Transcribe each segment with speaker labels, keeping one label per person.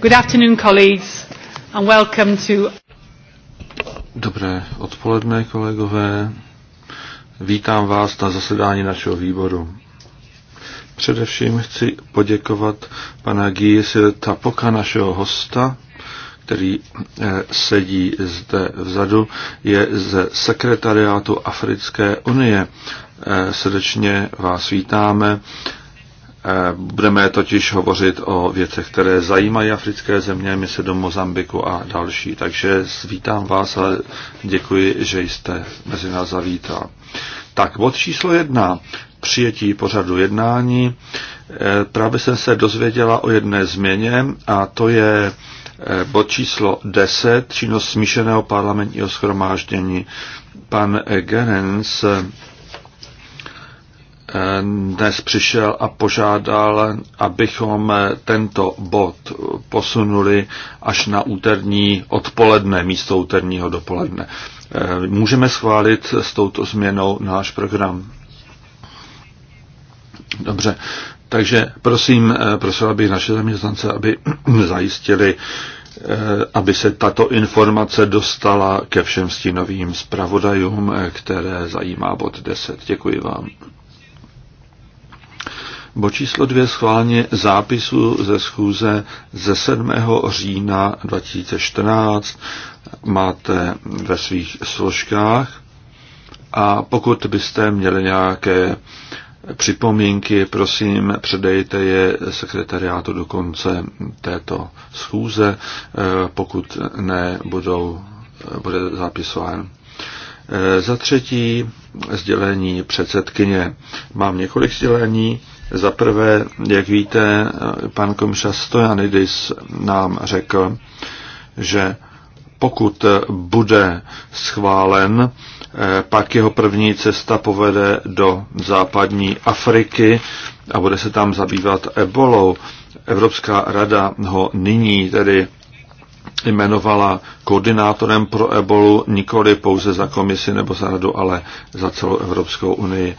Speaker 1: Good afternoon, colleagues, and welcome to... Dobré odpoledne, kolegové. Vítám vás na zasedání našeho výboru. Především chci poděkovat pana Gies Tapoka, našeho hosta, který eh, sedí zde vzadu, je ze sekretariátu Africké unie. Eh, srdečně vás vítáme Eh, budeme totiž hovořit o věcech, které zajímají africké země, my se do Mozambiku a další. Takže vítám vás a děkuji, že jste mezi nás zavítal. Tak, bod číslo jedna, přijetí pořadu jednání. Eh, právě jsem se dozvěděla o jedné změně a to je eh, bod číslo 10, činnost smíšeného parlamentního schromáždění. Pan Gerens dnes přišel a požádal, abychom tento bod posunuli až na úterní odpoledne místo úterního dopoledne. Můžeme schválit s touto změnou náš program. Dobře, takže prosím, prosila bych naše zaměstnance, aby zajistili, eh, aby se tato informace dostala ke všem stínovým zpravodajům, eh, které zajímá bod 10. Děkuji vám. Bo číslo dvě schválně zápisu ze schůze ze 7. října 2014 máte ve svých složkách. A pokud byste měli nějaké připomínky, prosím, předejte je sekretariátu do konce této schůze. Pokud ne, budou, bude zapisován. Za třetí sdělení předsedkyně. Mám několik sdělení. Za prvé, jak víte, pan komisař Stojanidis nám řekl, že pokud bude schválen, eh, pak jeho první cesta povede do západní Afriky a bude se tam zabývat ebolou. Evropská rada ho nyní tedy jmenovala koordinátorem pro ebolu nikoli pouze za komisi nebo za radu, ale za celou Evropskou unii.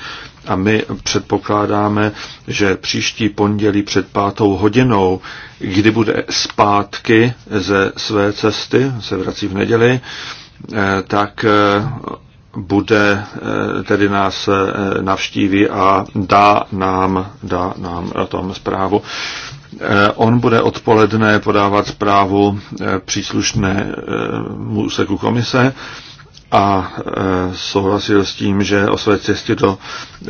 Speaker 1: A my předpokládáme, že příští pondělí před pátou hodinou, kdy bude zpátky ze své cesty, se vrací v neděli, eh, tak eh, bude, eh, tedy nás navštíví a dá nám, dá nám o tom zprávu. Eh, on bude odpoledne podávat zprávu eh, příslušnému eh, úseku komise a souhlasil s tím, že o své cestě do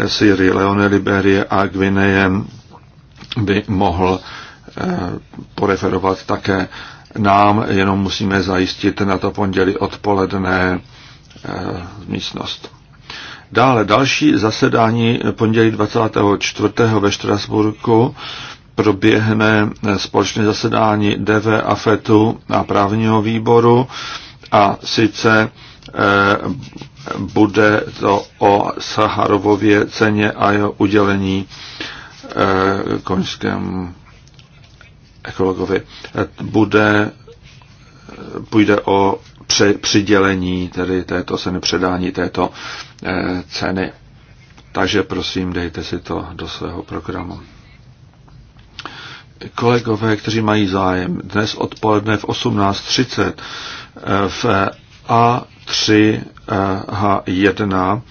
Speaker 1: Syrie, Leone, Liberie a Gvineje by mohl poreferovat také nám, jenom musíme zajistit na to pondělí odpoledne místnost. Dále další zasedání pondělí 24. ve Štrasburku proběhne eh, společné zasedání DV a FETu a právního výboru a sice eh, bude to o Saharovově ceně a jeho udělení eh, koňskému ekologovi. Bude, půjde o při, přidělení tedy této ceny, předání této ceny. Takže prosím, dejte si to do svého programu kolegové, kteří mají zájem, dnes odpoledne v 18.30 eh, v A3H1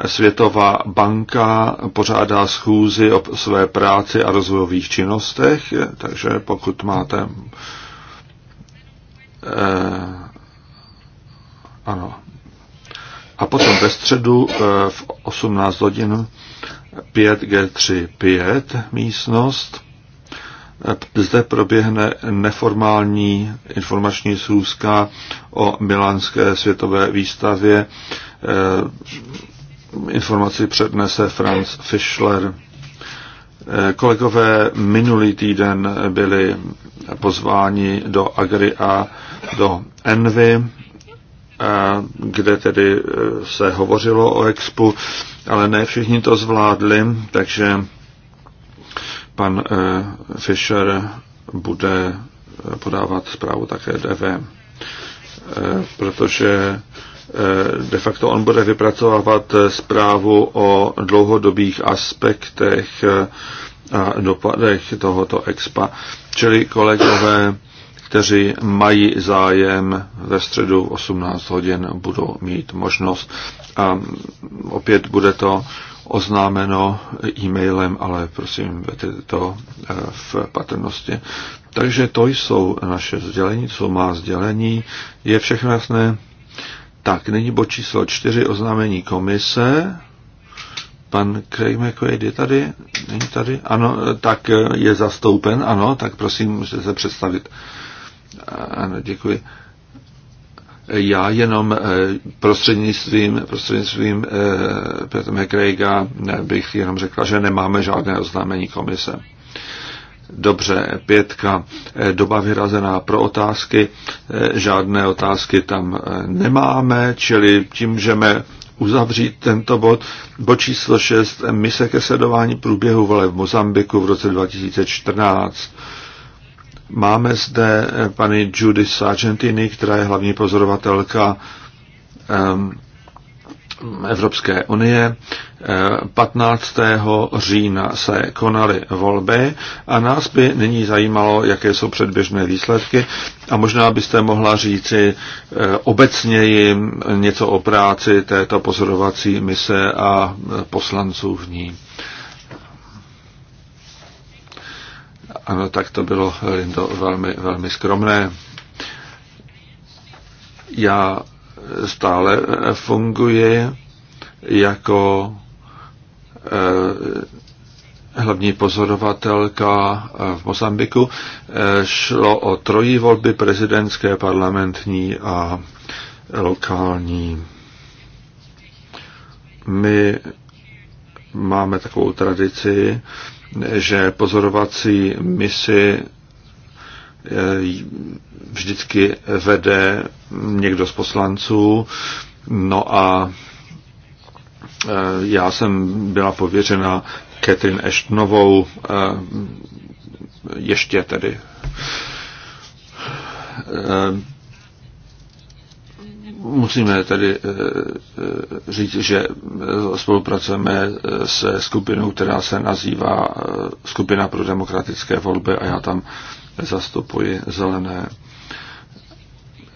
Speaker 1: eh, Světová banka pořádá schůzi o své práci a rozvojových činnostech, takže pokud máte eh, ano. A potom ve středu v 18 hodin 5G35 místnost zde proběhne neformální informační schůzka o Milánské světové výstavě. E, informaci přednese Franz Fischler. E, kolegové minulý týden byli pozváni do Agri a do Envy, e, kde tedy se hovořilo o Expu, ale ne všichni to zvládli, takže Pan eh, Fischer bude podávat zprávu také DV, eh, protože eh, de facto on bude vypracovávat zprávu o dlouhodobých aspektech a dopadech tohoto expa. Čili kolegové, kteří mají zájem ve středu v 18 hodin budou mít možnost. A opět bude to oznámeno e-mailem, ale prosím, vete to e, v patrnosti. Takže to jsou naše sdělení, co má sdělení. Je všechno jasné? Tak, nyní bod číslo čtyři, oznámení komise. Pan Craig McQuaid je tady? Není tady? Ano, e, tak e, je zastoupen, ano, tak prosím, můžete se představit. Ano, děkuji. Já jenom eh, prostřednictvím, prostřednictvím eh, Petra McCraiga bych jenom řekla, že nemáme žádné oznámení komise. Dobře, pětka, eh, doba vyrazená pro otázky, žádné otázky tam nemáme, čili tím můžeme uzavřít tento bod. Bod číslo 6, mise ke sledování průběhu vole v Mozambiku v roce 2014. Máme zde eh, paní Judy Sargentini, která je hlavní pozorovatelka ehm, Evropské unie. 15. Eh, října se konaly volby a nás by nyní zajímalo, jaké jsou předběžné výsledky a možná byste mohla říci eh, obecněji něco o práci této pozorovací mise a poslanců v ní. Ano, tak to bylo, Lindo, velmi, velmi skromné. Já stále eh, funguji jako eh, hlavní pozorovatelka eh, v Mozambiku. Šlo o trojí volby prezidentské, parlamentní a lokální. My máme takovou tradici, že pozorovací misi eh, vždycky vede někdo z poslanců. No a eh, já jsem byla pověřena Catherine Ashtonovou eh, ještě tedy Musíme tedy eh, eh, říct, že eh, spolupracujeme se skupinou, která se nazývá Skupina pro demokratické volby a já tam zastupuji zelené.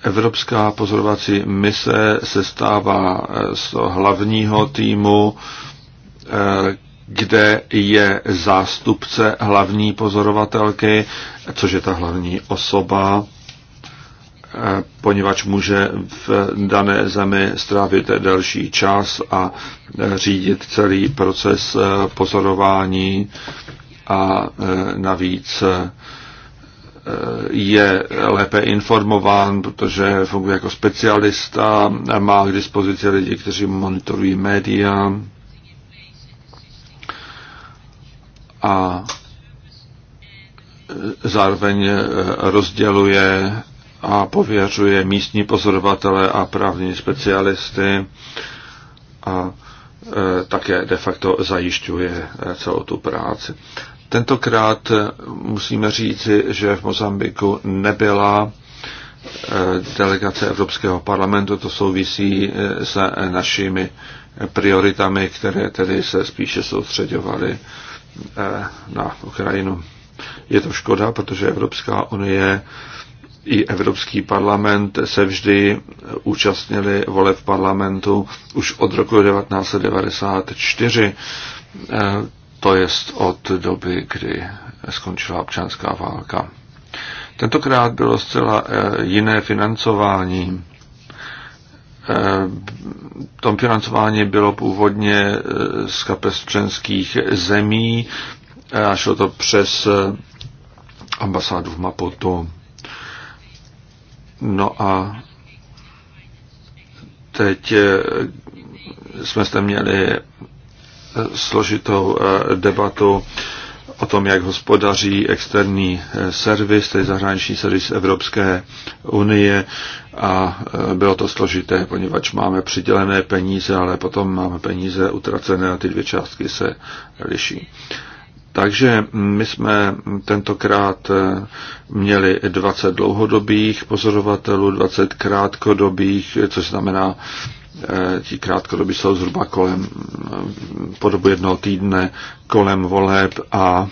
Speaker 1: Evropská pozorovací mise se stává z hlavního týmu, kde je zástupce hlavní pozorovatelky, což je ta hlavní osoba poněvadž může v dané zemi strávit delší čas a řídit celý proces pozorování a e, navíc e, je lépe informován, protože funguje jako specialista, má k dispozici lidi, kteří monitorují média a e, zároveň rozděluje a pověřuje místní pozorovatele a právní specialisty a e, také de facto zajišťuje e, celou tu práci. Tentokrát e, musíme říci, že v Mozambiku nebyla delegace Evropského parlamentu, to souvisí s našimi prioritami, které tedy se spíše soustředovaly na Ukrajinu. Je to škoda, protože Evropská unie i Evropský parlament se vždy účastnili voleb parlamentu už od roku 1994, eh, to jest od doby, kdy skončila občanská válka. Tentokrát bylo zcela eh, jiné financování. Eh, tom financování bylo původně z kapes členských zemí a šlo to přes ambasádu v Maputu. No a teď eh, jsme zde měli eh, složitou eh, debatu o tom, jak hospodaří externí servis, tedy zahraniční servis Evropské unie a bylo to složité, poněvadž máme přidělené peníze, ale potom máme peníze utracené a ty dvě částky se liší. Takže my jsme tentokrát eh, měli 20 dlouhodobých pozorovatelů, 20 krátkodobých, eh, což znamená, eh, ti krátkodobí jsou zhruba kolem, po dobu jednoho týdne kolem voleb a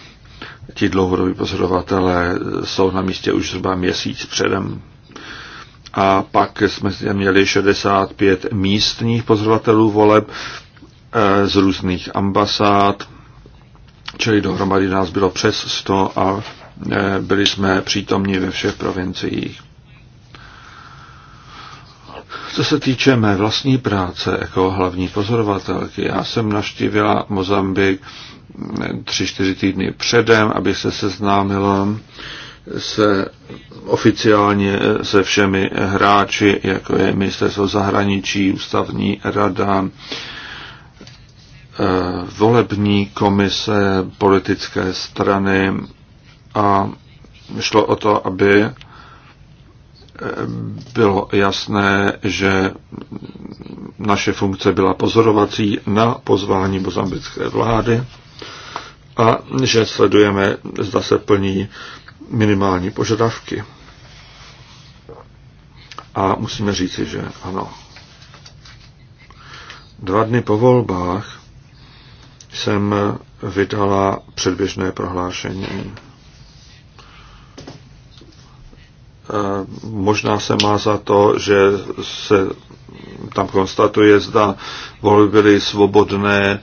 Speaker 1: ti dlouhodobí pozorovatelé jsou na místě už zhruba měsíc předem. A pak jsme měli 65 místních pozorovatelů voleb z různých ambasád, čili dohromady nás bylo přes 100 a e, byli jsme přítomní ve všech provinciích. Co se týče mé vlastní práce jako hlavní pozorovatelky, já jsem naštívila Mozambik e, tři, čtyři týdny předem, abych se seznámila se oficiálně e, se všemi hráči, jako je ministerstvo zahraničí, ústavní rada, Eh, volební komise, politické strany a šlo o to, aby eh, bylo jasné, že naše funkce byla pozorovací na pozvání mozambické vlády a že sledujeme, zda se plní minimální požadavky. A musíme říci, že ano. Dva dny po volbách jsem vydala předběžné prohlášení. Možná se má za to, že se tam konstatuje, zda volby byly svobodné,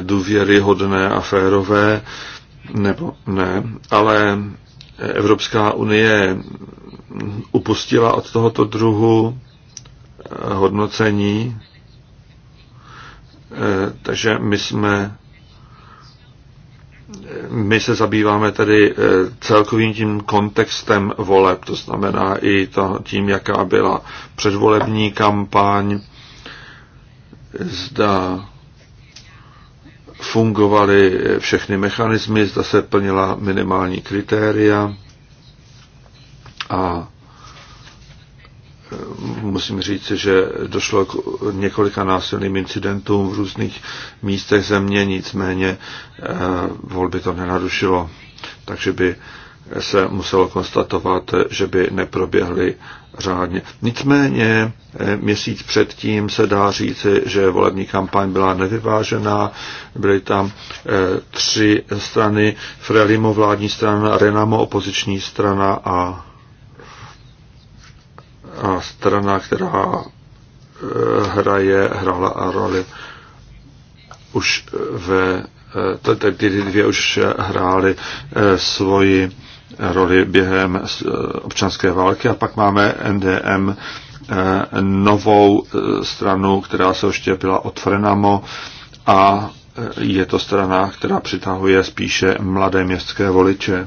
Speaker 1: důvěryhodné a férové, nebo ne, ale Evropská unie upustila od tohoto druhu hodnocení Eh, takže my jsme my se zabýváme tedy eh, celkovým tím kontextem voleb, to znamená i to, tím, jaká byla předvolební kampaň, zda fungovaly všechny mechanismy, zda se plnila minimální kritéria a musím říct, že došlo k několika násilným incidentům v různých místech země, nicméně eh, volby to nenarušilo, takže by se muselo konstatovat, že by neproběhly řádně. Nicméně eh, měsíc předtím se dá říci, že volební kampaň byla nevyvážená, byly tam eh, tři strany, Frelimo vládní strana, Renamo opoziční strana a a strana, která e, hraje, hrála roli už ve e, ty dvě už hrály e, svoji roli během občanské války a pak máme NDM novou stranu, která se oštěpila od Frenamo a je to strana, která přitahuje spíše mladé městské voliče.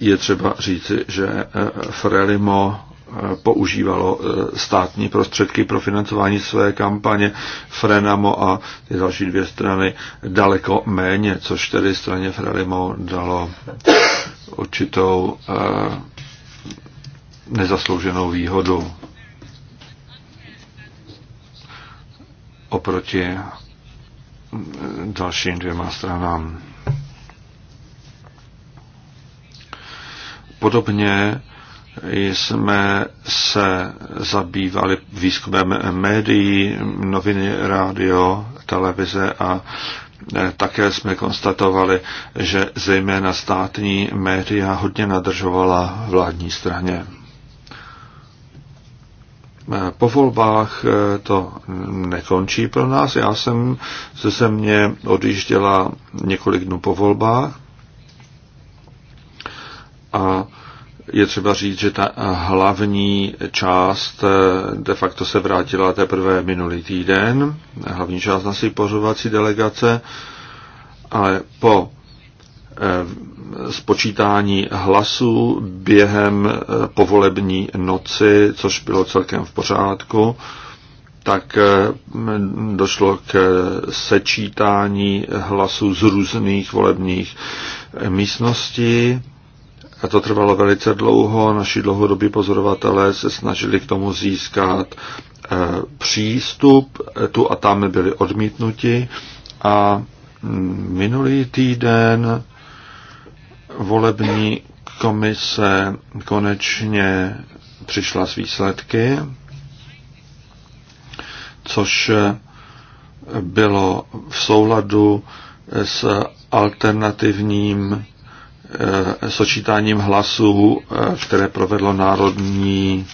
Speaker 1: je třeba říci, že eh, Frelimo eh, používalo eh, státní prostředky pro financování své kampaně Frenamo a ty další dvě strany daleko méně, což tedy straně Frelimo dalo určitou nezaslouženou výhodu oproti mm, dalším dvěma stranám. Podobně jsme se zabývali výzkumem médií, noviny, rádio, televize a e, také jsme konstatovali, že zejména státní média hodně nadržovala vládní straně. E, po volbách e, to nekončí pro nás. Já jsem ze země odjížděla několik dnů po volbách a je třeba říct, že ta hlavní část eh, de facto se vrátila teprve minulý týden, hlavní část naší pořovací delegace, ale po eh, spočítání hlasů během eh, povolební noci, což bylo celkem v pořádku, tak došlo k sečítání hlasů z různých volebních místností a to trvalo velice dlouho. Naši dlouhodobí pozorovatelé se snažili k tomu získat eh, přístup. Tu a tam byli odmítnuti. A mm, minulý týden volební komise konečně přišla s výsledky, což eh, bylo v souladu s alternativním Eh, očítáním hlasů, eh, které provedlo Národní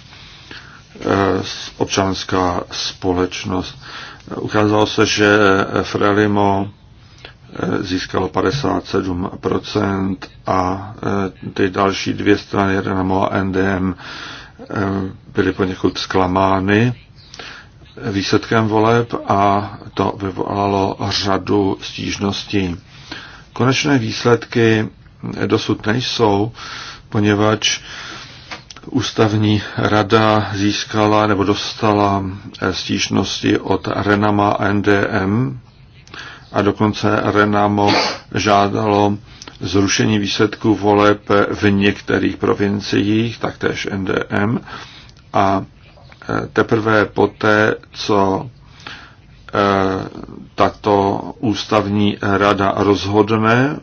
Speaker 1: eh, občanská společnost. Ukázalo se, že Frelimo získalo 57% a ty další dvě strany, Renamo a NDM, byly poněkud zklamány výsledkem voleb a to vyvolalo řadu stížností. Konečné výsledky dosud nejsou, poněvadž ústavní rada získala nebo dostala eh, stížnosti od Renama a NDM a dokonce Renamo žádalo zrušení výsledků voleb v některých provinciích, taktéž NDM a eh, teprve poté, co Eh, tato ústavní rada rozhodne eh,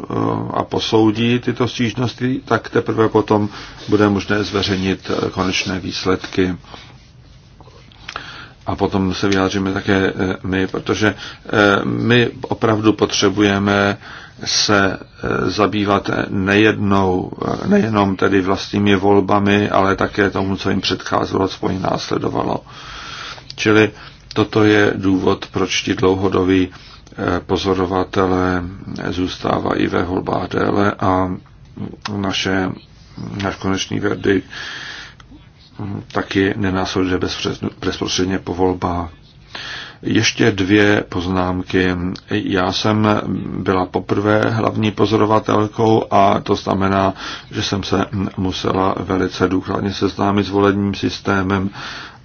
Speaker 1: a posoudí tyto stížnosti, tak teprve potom bude možné zveřejnit eh, konečné výsledky. A potom se vyjádříme také my, protože my opravdu potřebujeme se zabývat nejednou, nejenom tedy vlastními volbami, ale také tomu, co jim předcházelo, co jim následovalo. Čili Toto je důvod, proč ti dlouhodoví eh, pozorovatelé eh, zůstávají ve holbách déle a naše, naš konečný verdikt hm, taky nenásleduje bezprostředně po volbách. Ještě dvě poznámky. Já jsem byla poprvé hlavní pozorovatelkou a to znamená, že jsem se musela velice důkladně seznámit s volebním systémem,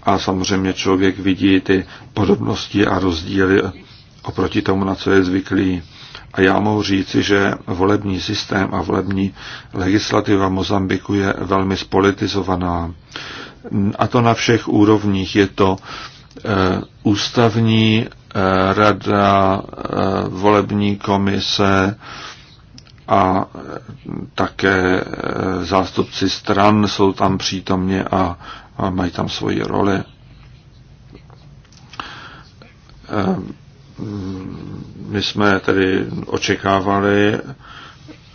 Speaker 1: a samozřejmě člověk vidí ty podobnosti a rozdíly oproti tomu, na co je zvyklý. A já mohu říci, že volební systém a volební legislativa Mozambiku je velmi spolitizovaná. A to na všech úrovních. Je to e, ústavní e, rada, e, volební komise a také e, zástupci stran jsou tam přítomně a a mají tam svoji roli. Ehm, my jsme tedy očekávali,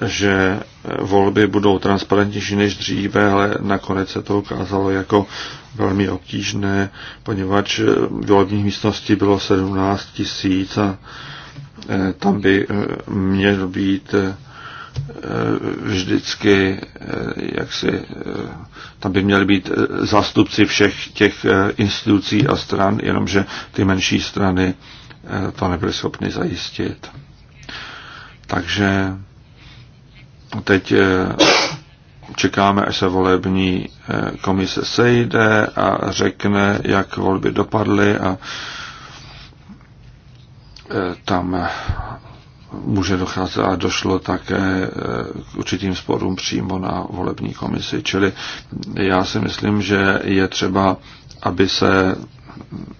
Speaker 1: že volby budou transparentnější než dříve, ale nakonec se to ukázalo jako velmi obtížné, poněvadž volebních místností bylo 17 tisíc a eh, tam by eh, měl být eh, vždycky, eh, jak si, eh, tam by měli být eh, zástupci všech těch institucí a stran, jenomže ty menší strany to nebyly schopny zajistit. Takže teď čekáme, až se volební komise sejde a řekne, jak volby dopadly a tam může docházet a došlo také eh, k určitým sporům přímo na volební komisi. Čili já si myslím, že je třeba, aby se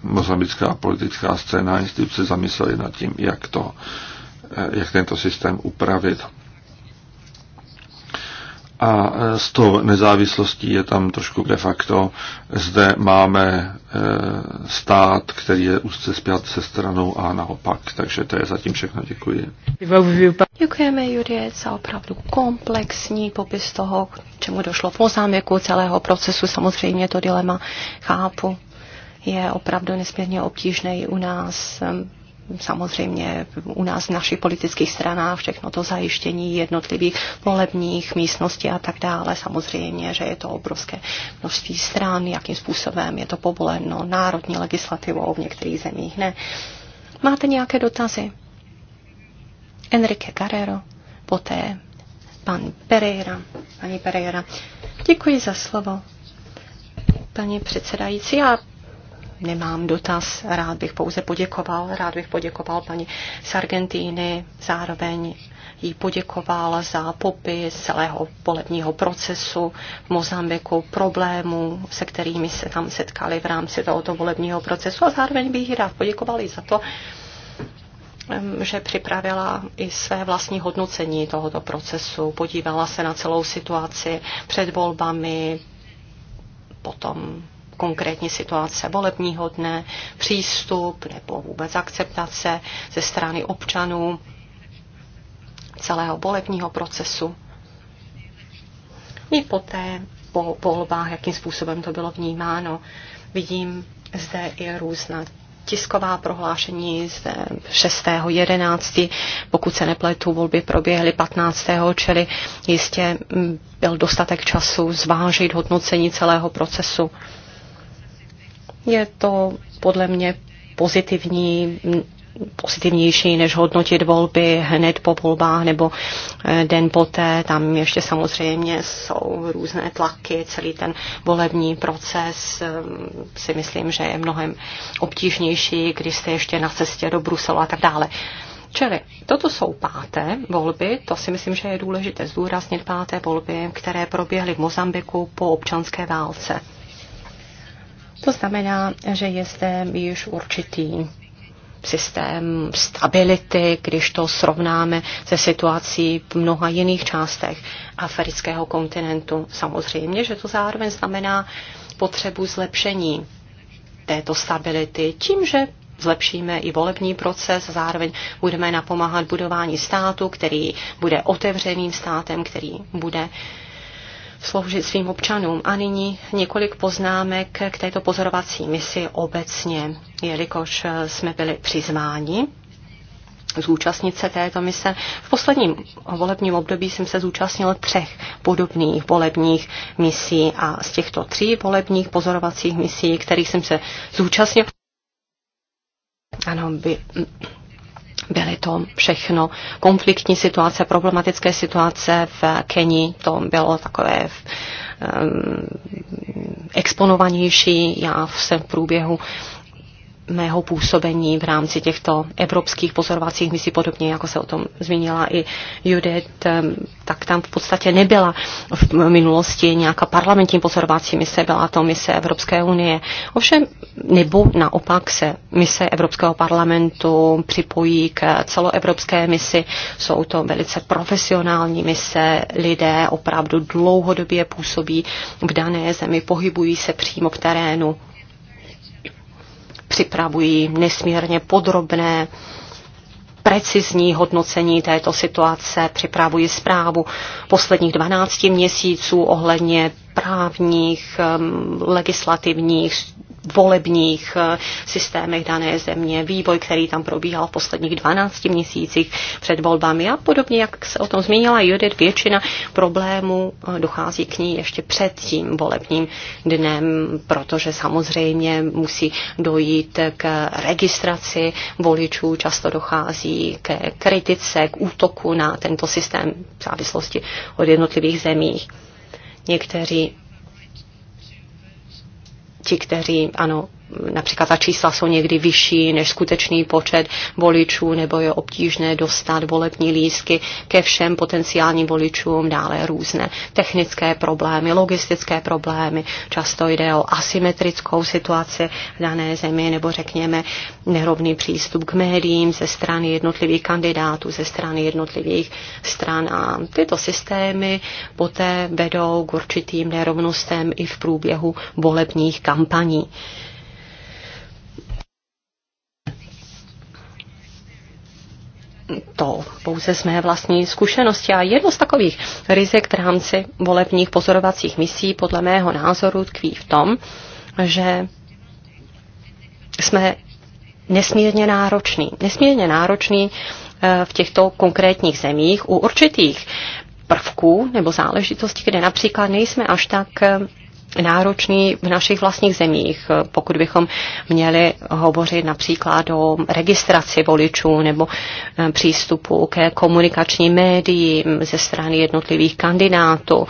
Speaker 1: mozambická politická scéna instituce zamysleli nad tím, jak, to, eh, jak tento systém upravit. A s e, tou nezávislostí je tam trošku de facto. Zde máme e, stát, který je úzce zpět se stranou a naopak. Takže to je zatím
Speaker 2: všechno. Děkuji. Děkujeme, Jurie, za opravdu komplexní popis toho, čemu došlo v záměku celého procesu. Samozřejmě to dilema chápu. Je opravdu nesmírně obtížné i u nás samozřejmě u nás v našich politických stranách všechno to zajištění jednotlivých volebních místností a tak dále. Samozřejmě, že je to obrovské množství stran, jakým způsobem je to povoleno národní legislativou, v některých zemích ne. Máte nějaké dotazy? Enrique Carrero, poté pan Pereira, paní Pereira. Děkuji za slovo, paní předsedající. Já nemám dotaz, rád bych pouze poděkoval, rád bych poděkoval paní z Argentíny, zároveň jí poděkoval za popis celého volebního procesu v Mozambiku, problémů, se kterými se tam setkali v rámci tohoto volebního procesu a zároveň bych jí rád poděkoval i za to, že připravila i své vlastní hodnocení tohoto procesu, podívala se na celou situaci před volbami, potom konkrétní situace volebního dne, přístup nebo vůbec akceptace ze strany občanů celého volebního procesu. I poté po volbách, jakým způsobem to bylo vnímáno. Vidím zde i různá tisková prohlášení z 6.11. Pokud se nepletu, volby proběhly 15. čili jistě mm, byl dostatek času zvážit hodnocení celého procesu. Je to podle mě pozitivní pozitivnější, než hodnotit volby hned po volbách nebo eh, den poté. Tam ještě samozřejmě jsou různé tlaky, celý ten volební proces eh, si myslím, že je mnohem obtížnější, když jste ještě na cestě do Bruselu a tak dále. Čili toto jsou páté volby, to si myslím, že je důležité zdůraznit páté volby, které proběhly v Mozambiku po občanské válce. To znamená, že je zde již určitý systém stability, když to srovnáme se situací v mnoha jiných částech afrického kontinentu. Samozřejmě, že to zároveň znamená potřebu zlepšení této stability tím, že zlepšíme i volební proces, zároveň budeme napomáhat budování státu, který bude otevřeným státem, který bude uh, sloužit svým občanům. A nyní několik poznámek k této pozorovací misi obecně, jelikož eh, jsme byli přizváni zúčastnit se této mise. V posledním volebním období jsem se zúčastnil třech podobných volebních misí a z těchto tří volebních pozorovacích misí, kterých jsem se zúčastnil, ano, by, Byly to všechno konfliktní situace, problematické situace v Keni. To bylo takové um, exponovanější. Já jsem v průběhu mého působení v rámci těchto evropských pozorovacích misí, podobně jako se o tom zmínila i Judith, ehm, tak tam v podstatě nebyla v minulosti nějaká parlamentní pozorovací mise, byla to mise Evropské unie. Ovšem, nebo naopak se mise Evropského parlamentu připojí k celoevropské misi. Jsou to velice profesionální mise, lidé opravdu dlouhodobě působí v dané zemi, pohybují se přímo v terénu připravují nesmírně podrobné precizní hodnocení této situace, připravují zprávu posledních 12 měsíců ohledně právních, legislativních, volebních eh, systémech dané země, vývoj, který tam probíhal v posledních 12 měsících před volbami a podobně, jak se o tom zmínila Judith, většina problémů eh, dochází k ní ještě před tím volebním dnem, protože samozřejmě musí dojít k registraci voličů, často dochází k kritice, k útoku na tento systém v závislosti od jednotlivých zemích. Někteří ti, kteří, ano, například ta čísla jsou někdy vyšší než skutečný počet voličů, nebo je obtížné dostat volební lístky ke všem potenciálním voličům, dále různé technické problémy, logistické problémy, často jde o asymetrickou situaci v dané zemi, nebo řekněme nerovný přístup k médiím ze strany jednotlivých kandidátů, ze strany jednotlivých stran a tyto systémy poté vedou k určitým nerovnostem i v průběhu volebních kampaní. to pouze z mé vlastní zkušenosti. A jedno z takových rizik v rámci volebních pozorovacích misí podle mého názoru tkví v tom, že jsme nesmírně nároční, Nesmírně nároční eh, v těchto konkrétních zemích u určitých prvků nebo záležitostí, kde například nejsme až tak eh, náročný v našich vlastních zemích, pokud bychom měli hovořit například o registraci voličů nebo eh, přístupu ke komunikačním médiím ze strany jednotlivých kandidátů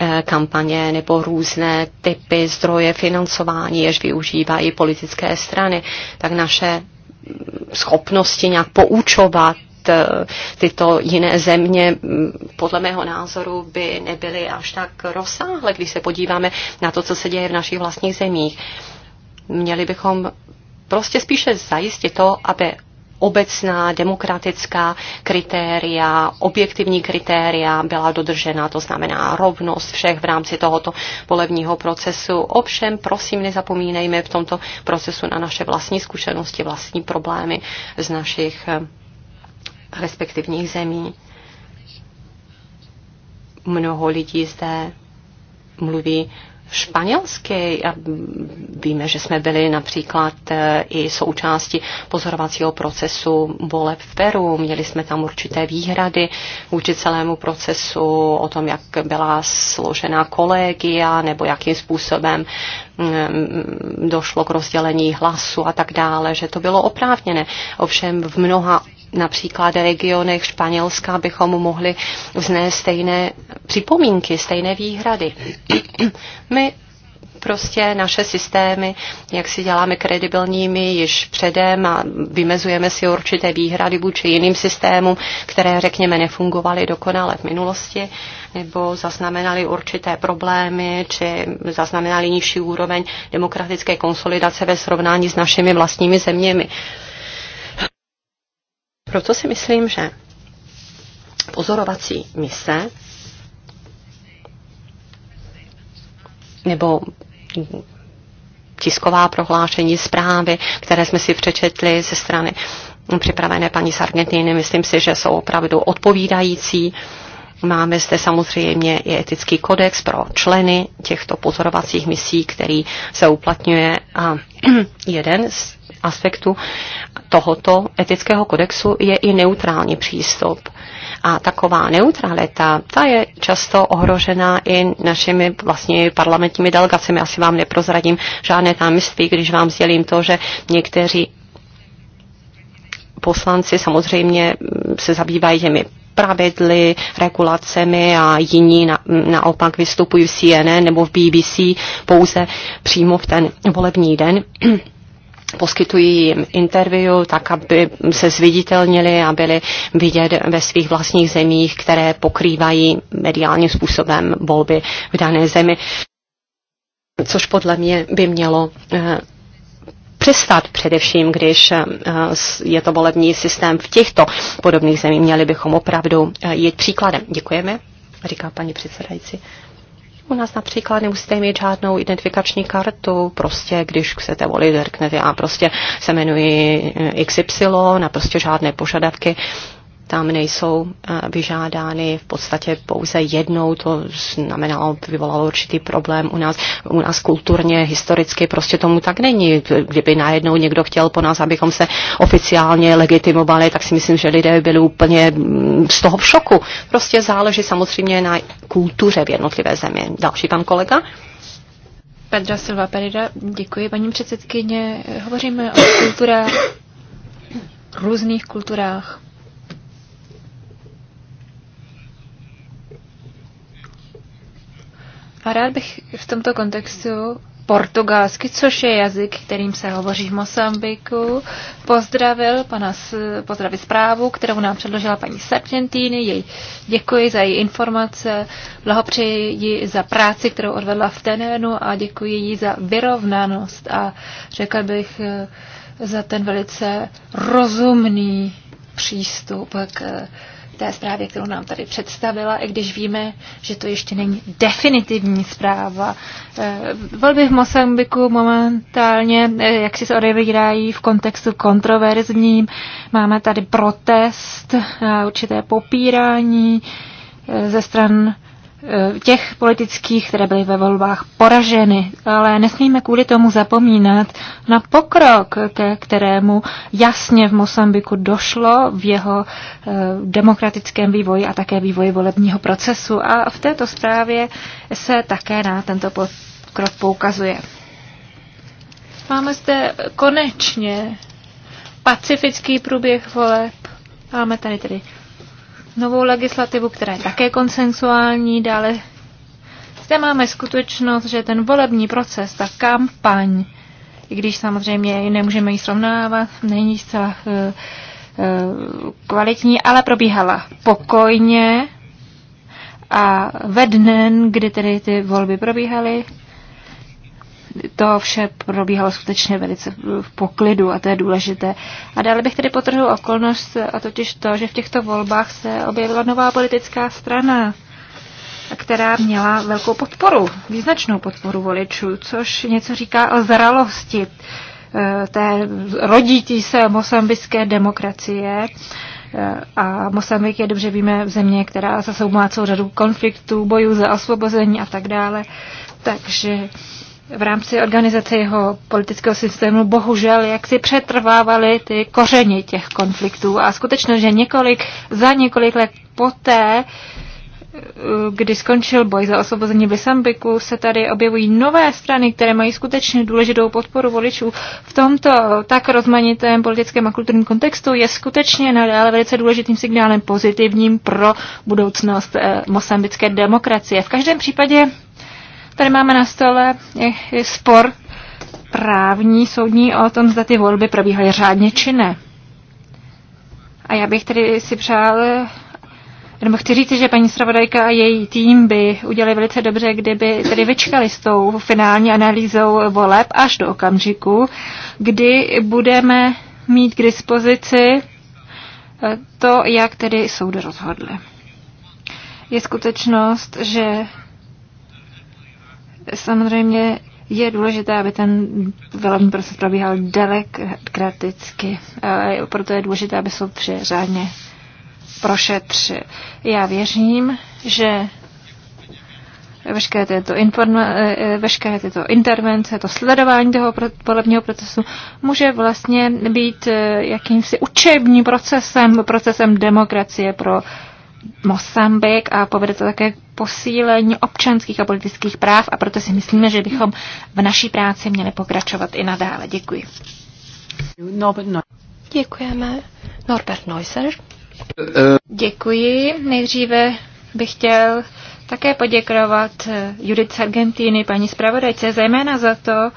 Speaker 2: eh, kampaně nebo různé typy zdroje financování, jež využívají politické strany, tak naše mm, schopnosti nějak poučovat Eh, tyto jiné země, mm, podle mého názoru, by nebyly až tak rozsáhlé, když se podíváme na to, co se děje v našich vlastních zemích. Měli bychom prostě spíše zajistit to, aby obecná demokratická kritéria, objektivní kritéria byla dodržena, to znamená rovnost všech v rámci tohoto volebního procesu. Ovšem, prosím, nezapomínejme v tomto procesu na naše vlastní zkušenosti, vlastní problémy z našich eh, respektivních zemí. Mnoho lidí zde mluví španělsky. A víme, že jsme byli například e, i součástí pozorovacího procesu voleb v Peru. Měli jsme tam určité výhrady vůči celému procesu o tom, jak byla složena kolegia nebo jakým způsobem mm, došlo k rozdělení hlasu a tak dále, že to bylo oprávněné. Ovšem v mnoha například regionech Španělska bychom mohli vznést stejné připomínky, stejné výhrady. My prostě naše systémy, jak si děláme kredibilními již předem a vymezujeme si určité výhrady vůči jiným systémům, které, řekněme, nefungovaly dokonale v minulosti nebo zaznamenali určité problémy, či zaznamenali nižší úroveň demokratické konsolidace ve srovnání s našimi vlastními zeměmi. Proto si myslím, že pozorovací mise nebo tisková prohlášení, zprávy, které jsme si přečetli ze strany připravené paní sargentiny, myslím si, že jsou opravdu odpovídající. Máme zde samozřejmě i etický kodex pro členy těchto pozorovacích misí, který se uplatňuje a jeden z aspektu tohoto etického kodexu je i neutrální přístup. A taková neutralita, ta je často ohrožena i našimi vlastně parlamentními delegacemi. Asi vám neprozradím žádné tajemství, když vám sdělím to, že někteří poslanci samozřejmě se zabývají těmi pravidly, regulacemi a jiní na, naopak vystupují v CNN nebo v BBC pouze přímo v ten volební den poskytují jim interview, tak aby se zviditelnili a byli vidět ve svých vlastních zemích, které pokrývají mediálním způsobem volby v dané zemi. Což podle mě by mělo eh, přestat především, když eh, je to volební systém v těchto podobných zemích. Měli bychom opravdu eh, jít příkladem. Děkujeme, říká paní předsedající. U nás například nemusíte mít žádnou identifikační kartu, prostě když chcete volit, řeknete, já prostě se jmenuji XY, na prostě žádné požadavky tam nejsou eh, vyžádány v podstatě pouze jednou, to znamenalo, vyvolalo určitý problém u nás, u nás kulturně, historicky prostě tomu tak není. Kdyby najednou někdo chtěl po nás, abychom se oficiálně legitimovali, tak si myslím, že lidé by byli úplně mm, z toho v šoku. Prostě záleží samozřejmě na kultuře v jednotlivé zemi. Další pan kolega?
Speaker 3: Pedra Silva Perida, děkuji paní předsedkyně. Hovoříme o kulturách, různých kulturách. A rád bych v tomto kontextu portugalsky, což je jazyk, kterým se hovoří v Mosambiku, pozdravil pana, pozdravil zprávu, kterou nám předložila paní Serpentini. Jej děkuji za její informace, blahopřeji ji za práci, kterou odvedla v Tenénu a děkuji jí za vyrovnanost a řekl bych eh, za ten velice rozumný přístup k eh, té zprávě, kterou nám tady představila, i když víme, že to ještě není definitivní zpráva. Volby eh, v Mosambiku momentálně, eh, jak si se odevírají v kontextu kontroverzním. Máme tady protest, určité popírání eh, ze stran Eh, těch politických, které byly ve volbách poraženy, ale nesmíme kvůli tomu zapomínat na pokrok, ke kterému jasně v Mosambiku došlo v jeho eh, demokratickém vývoji a také vývoji volebního procesu. A v této zprávě se také na tento pokrok poukazuje. Máme zde konečně pacifický průběh voleb. Máme tady tedy novou legislativu, která je také konsensuální. Dále zde máme skutečnost, že ten volební proces, ta kampaň, i když samozřejmě nemůžeme ji srovnávat, není zcela uh, uh, kvalitní, ale probíhala pokojně a ve dnen, kdy tedy ty volby probíhaly, to vše probíhalo skutečně velice v poklidu a to je důležité. A dále bych tedy potrhl okolnost a totiž to, že v těchto volbách se objevila nová politická strana, která měla velkou podporu, význačnou podporu voličů, což něco říká o zralosti eh, té rodící se mosambické demokracie. Eh, a Mosambik je, dobře víme, země, která zase má celou řadu konfliktů, bojů za osvobození a tak dále. Takže v rámci organizace jeho politického systému bohužel jak si přetrvávaly ty kořeny těch konfliktů. A skutečně, že několik, za několik let poté, eh, kdy skončil boj za osvobození Bisambiku, se tady objevují nové strany, které mají skutečně důležitou podporu voličů. V tomto tak rozmanitém politickém a kulturním kontextu je skutečně nadále velice důležitým signálem pozitivním pro budoucnost eh, mosambické demokracie. V každém případě Tady máme na stole eh, eh, spor právní, soudní o tom, zda ty volby probíhaly řádně či ne. A já bych tedy si přál, eh, nebo chci říct, že paní Stravodajka a její tým by udělali velice dobře, kdyby tedy vyčkali s tou finální analýzou voleb až do okamžiku, kdy budeme mít k dispozici to, jak tedy soudy rozhodly. Je skutečnost, že Samozřejmě je důležité, aby ten volební proces probíhal demokraticky. Eh, proto je důležité, aby se vše řádně prošetři. Já věřím, že veškeré tyto, informa- eh, veškeré tyto intervence, to sledování toho volebního procesu může vlastně být eh, jakýmsi učebním procesem, procesem demokracie pro Mosambik a povede to také posílení občanských a politických práv a proto si myslíme, že bychom v naší práci měli pokračovat i nadále. Děkuji.
Speaker 2: Děkujeme. Norbert Neusser.
Speaker 3: Děkuji. Nejdříve bych chtěl také poděkovat Judith Argentíny, paní zpravodajce, zejména za to,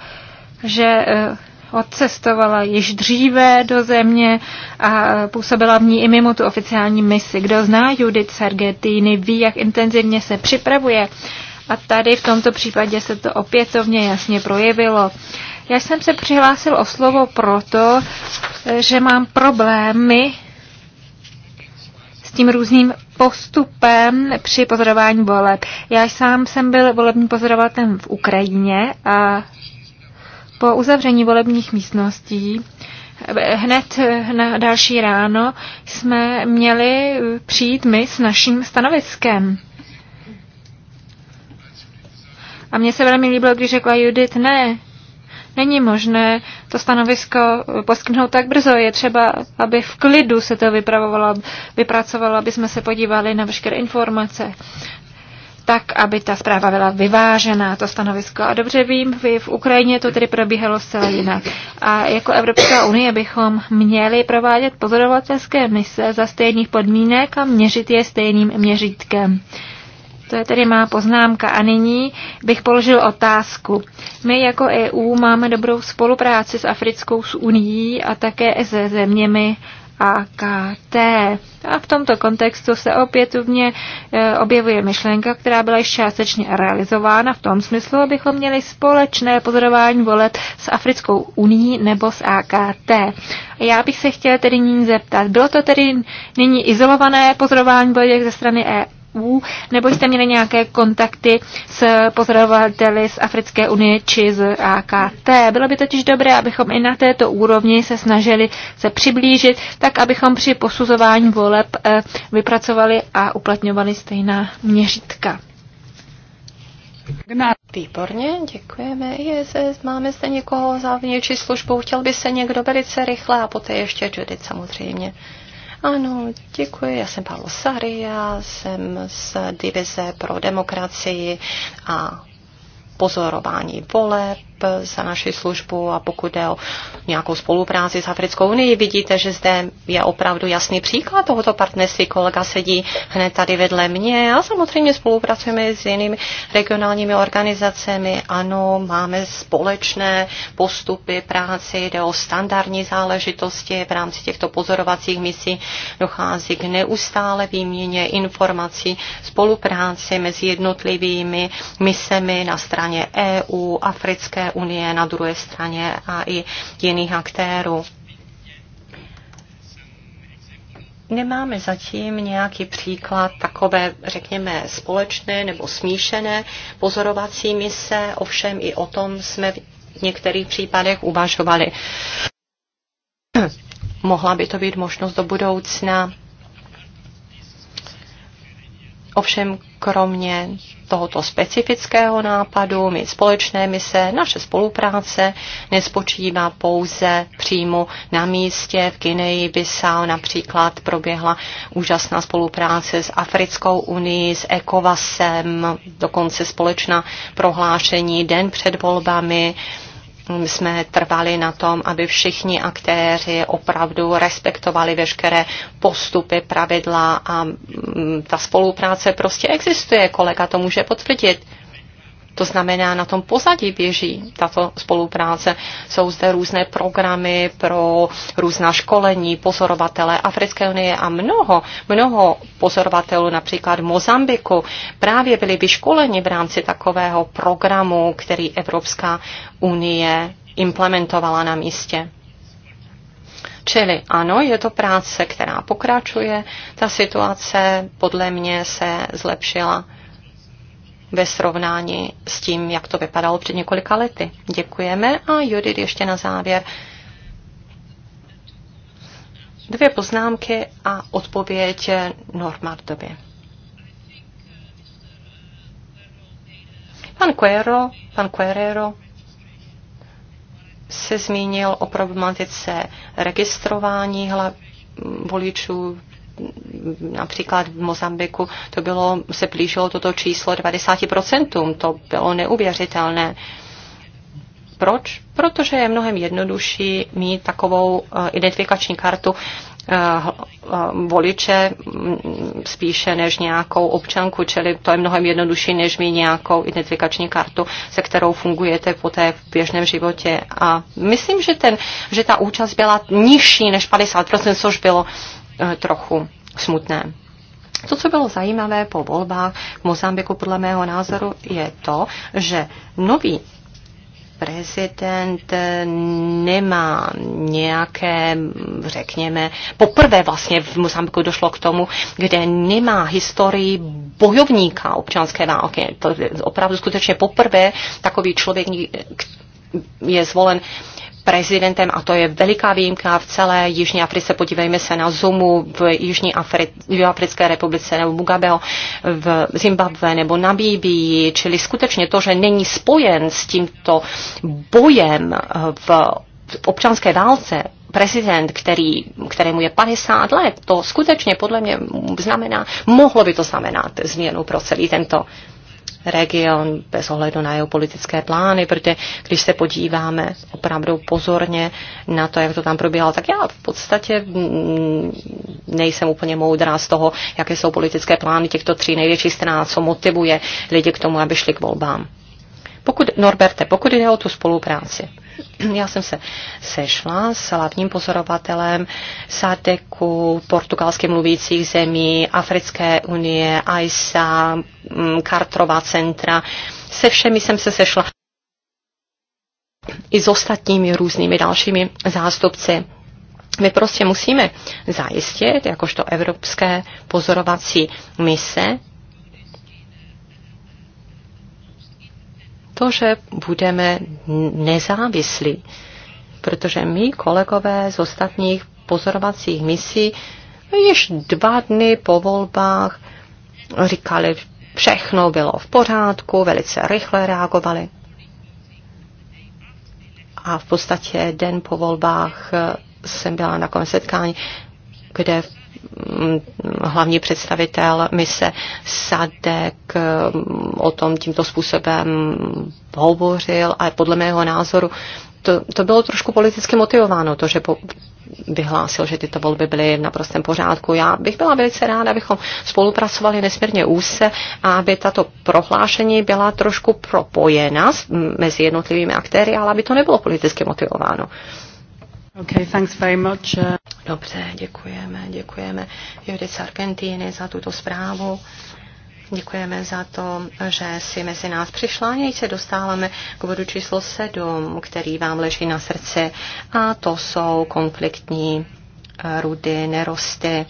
Speaker 3: že eh, odcestovala již dříve do země a působila v ní i mimo tu oficiální misi. Kdo zná Judith Sargentini, ví, jak intenzivně se připravuje. A tady v tomto případě se to opětovně jasně projevilo. Já jsem se přihlásil o slovo proto, že mám problémy s tím různým postupem při pozorování voleb. Já sám jsem byl volebním pozorovatelem v Ukrajině a po uzavření volebních místností hned na další ráno jsme měli přijít my s naším stanoviskem. A mně se velmi líbilo, když řekla Judith, ne, není možné to stanovisko poskytnout tak brzo. Je třeba, aby v klidu se to vypravovalo, vypracovalo, aby jsme se podívali na veškeré informace tak, aby ta zpráva byla vyvážená, to stanovisko. A dobře vím, vy v Ukrajině to tedy probíhalo zcela jinak. A jako Evropská unie bychom měli provádět pozorovatelské mise za stejných podmínek a měřit je stejným měřítkem. To je tedy má poznámka. A nyní bych položil otázku. My jako EU máme dobrou spolupráci s Africkou s Unií a také se zeměmi AKT. A v tomto kontextu se opětovně e, objevuje myšlenka, která byla již částečně realizována v tom smyslu, abychom měli společné pozorování voleb s Africkou unii nebo s AKT. A já bych se chtěla tedy nyní zeptat, bylo to tedy nyní izolované pozorování voleb ze strany EU? EU, nebo jste měli nějaké kontakty s pozorovateli z Africké unie či z AKT. Bylo by totiž dobré, abychom i na této úrovni se snažili se přiblížit, tak abychom při posuzování voleb eh, vypracovali a uplatňovali stejná měřítka.
Speaker 2: Výborně, děkujeme. Je, se, máme zde někoho za vnější službou. Chtěl by se někdo velice rychle a poté ještě Judith samozřejmě. Ano, děkuji. Já jsem Sary, já jsem z Divize pro demokracii a pozorování voleb za naši službu a pokud jde o nějakou spolupráci s Africkou unii, vidíte, že zde je opravdu jasný příklad tohoto partnerství. Kolega sedí hned tady vedle mě a samozřejmě spolupracujeme s jinými regionálními organizacemi. Ano, máme společné postupy práci, jde o standardní záležitosti v rámci těchto pozorovacích misí. Dochází k neustále výměně informací, spolupráci mezi jednotlivými misemi na straně EU, Africké unie na druhé straně a i jiných aktérů. Nemáme zatím nějaký příklad takové, řekněme, společné nebo smíšené pozorovací mise, ovšem i o tom jsme v některých případech uvažovali. Mohla by to být možnost do budoucna Ovšem kromě tohoto specifického nápadu, my společné mise, naše spolupráce nespočívá pouze přímo na místě. V Gineji Bissau například proběhla úžasná spolupráce s Africkou unii, s ECOVASem, dokonce společná prohlášení den před volbami No, my jsme trvali na tom, aby všichni aktéři opravdu respektovali veškeré postupy, pravidla a mm, ta spolupráce prostě existuje. Kolega to může potvrdit. To znamená, na tom pozadí běží tato spolupráce. Jsou zde různé programy pro různá školení, pozorovatele Africké unie a mnoho, mnoho pozorovatelů, například v Mozambiku, právě byli vyškoleni v rámci takového programu, který Evropská unie implementovala na místě. Čili ano, je to práce, která pokračuje. Ta situace podle mě se zlepšila ve srovnání s tím, jak to vypadalo před několika lety. Děkujeme a Judith ještě na závěr. Dvě poznámky a odpověď Normardovi. Pan Quero, pan Querero se zmínil o problematice registrování voličů například v Mozambiku to bylo, se blížilo toto číslo 20%. To bylo neuvěřitelné. Proč? Protože je mnohem jednodušší mít takovou eh, identifikační kartu eh, eh, voliče mm, spíše než nějakou občanku, čili to je mnohem jednodušší, než mít nějakou identifikační kartu, se kterou fungujete poté v běžném životě. A myslím, že, ten, že ta účast byla nižší než 50%, což bylo Eh, trochu smutné. To, co bylo zajímavé po volbách v Mozambiku, podle mého názoru, je to, že nový prezident nemá nějaké, řekněme, poprvé vlastně v Mozambiku došlo k tomu, kde nemá historii bojovníka občanské války. To je opravdu skutečně poprvé takový člověk je zvolen uh, prezidentem a to je veliká výjimka v celé Jižní Africe. Podívejme se na Zumu v Jižní Afri- v Africké republice nebo Mugabeho v Zimbabwe nebo na Bíbii, čili skutečně to, že není spojen s tímto bojem eh, v občanské válce prezident, který, kterému je 50 let, to skutečně podle mě znamená, mohlo by to znamenat změnu pro celý tento region bez ohledu na jeho politické plány, protože když se podíváme opravdu pozorně na to, jak to tam probíhalo, tak já v podstatě mm, nejsem úplně moudrá z toho, jaké jsou politické plány těchto tří největších stran, co motivuje lidi k tomu, aby šli k volbám. Pokud, Norberte, pokud jde o tu spolupráci, Já jsem se sešla s hlavním pozorovatelem SADEKu, portugalsky mluvících zemí, Africké unie, AISA, mm, Kartrova centra. Se všemi jsem se sešla i s ostatními různými dalšími zástupci. My prostě musíme zajistit, jakožto evropské pozorovací mise, to, že budeme nezávislí, protože my, kolegové z ostatních pozorovacích misí, již dva dny po volbách říkali, všechno bylo v pořádku, velice rychle reagovali. A v podstatě den po volbách eh, jsem byla na takovém setkání, kde v Mm, hlavní představitel mise Sadek mm, o tom tímto způsobem hovořil a podle mého názoru to, to bylo trošku politicky motivováno, to, že po, vyhlásil, že tyto volby byly v naprostém pořádku. Já bych byla velice ráda, abychom spolupracovali nesmírně úse a aby tato prohlášení byla trošku propojena mezi jednotlivými aktéry, ale aby to nebylo politicky motivováno. Uh, Okay, thanks very much. Uh, Dobře, děkujeme, děkujeme Judith Argentiny za tuto zprávu. Děkujeme za to, že si mezi nás přišla. Něj se dostáváme k bodu číslo 7, který vám leží na srdci. A to jsou konfliktní eh, rudy, nerosty.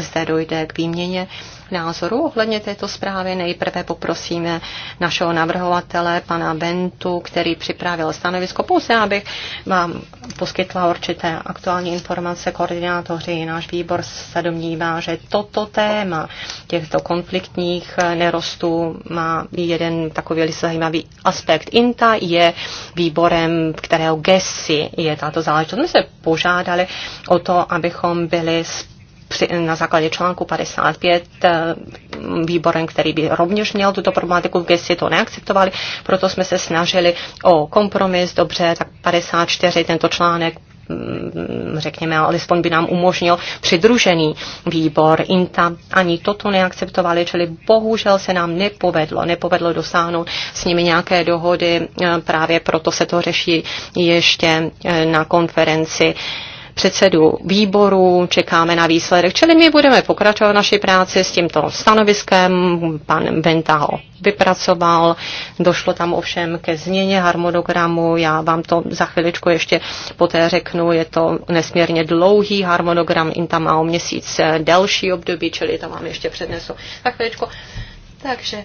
Speaker 2: Zde dojde k výměně názoru ohledně této zprávy. Nejprve poprosíme našeho navrhovatele, pana Bentu, který připravil stanovisko, pouze abych vám poskytla určité aktuální informace. Koordinátoři, náš výbor se domnívá, že toto téma těchto konfliktních nerostů má jeden takový velice zajímavý aspekt. INTA je výborem, kterého GESI je tato záležitost. My se požádali o to, abychom byli na základě článku 55 eh, výborem, který by rovněž měl tuto problematiku v gesti, to neakceptovali, proto jsme se snažili o kompromis, dobře, tak 54 tento článek mm, řekněme, alespoň by nám umožnil přidružený výbor. INTA ani toto neakceptovali, čili bohužel se nám nepovedlo, nepovedlo dosáhnout s nimi nějaké dohody, eh, právě proto se to řeší ještě eh, na konferenci předsedu výboru čekáme na výsledek. Čili my budeme pokračovat naší práci s tímto stanoviskem. Pan Venta ho vypracoval, došlo tam ovšem ke změně harmonogramu, já vám to za chviličku ještě poté řeknu, je to nesmírně dlouhý harmonogram, tam má o měsíc delší období, čili to vám ještě přednesu za chviličku. Takže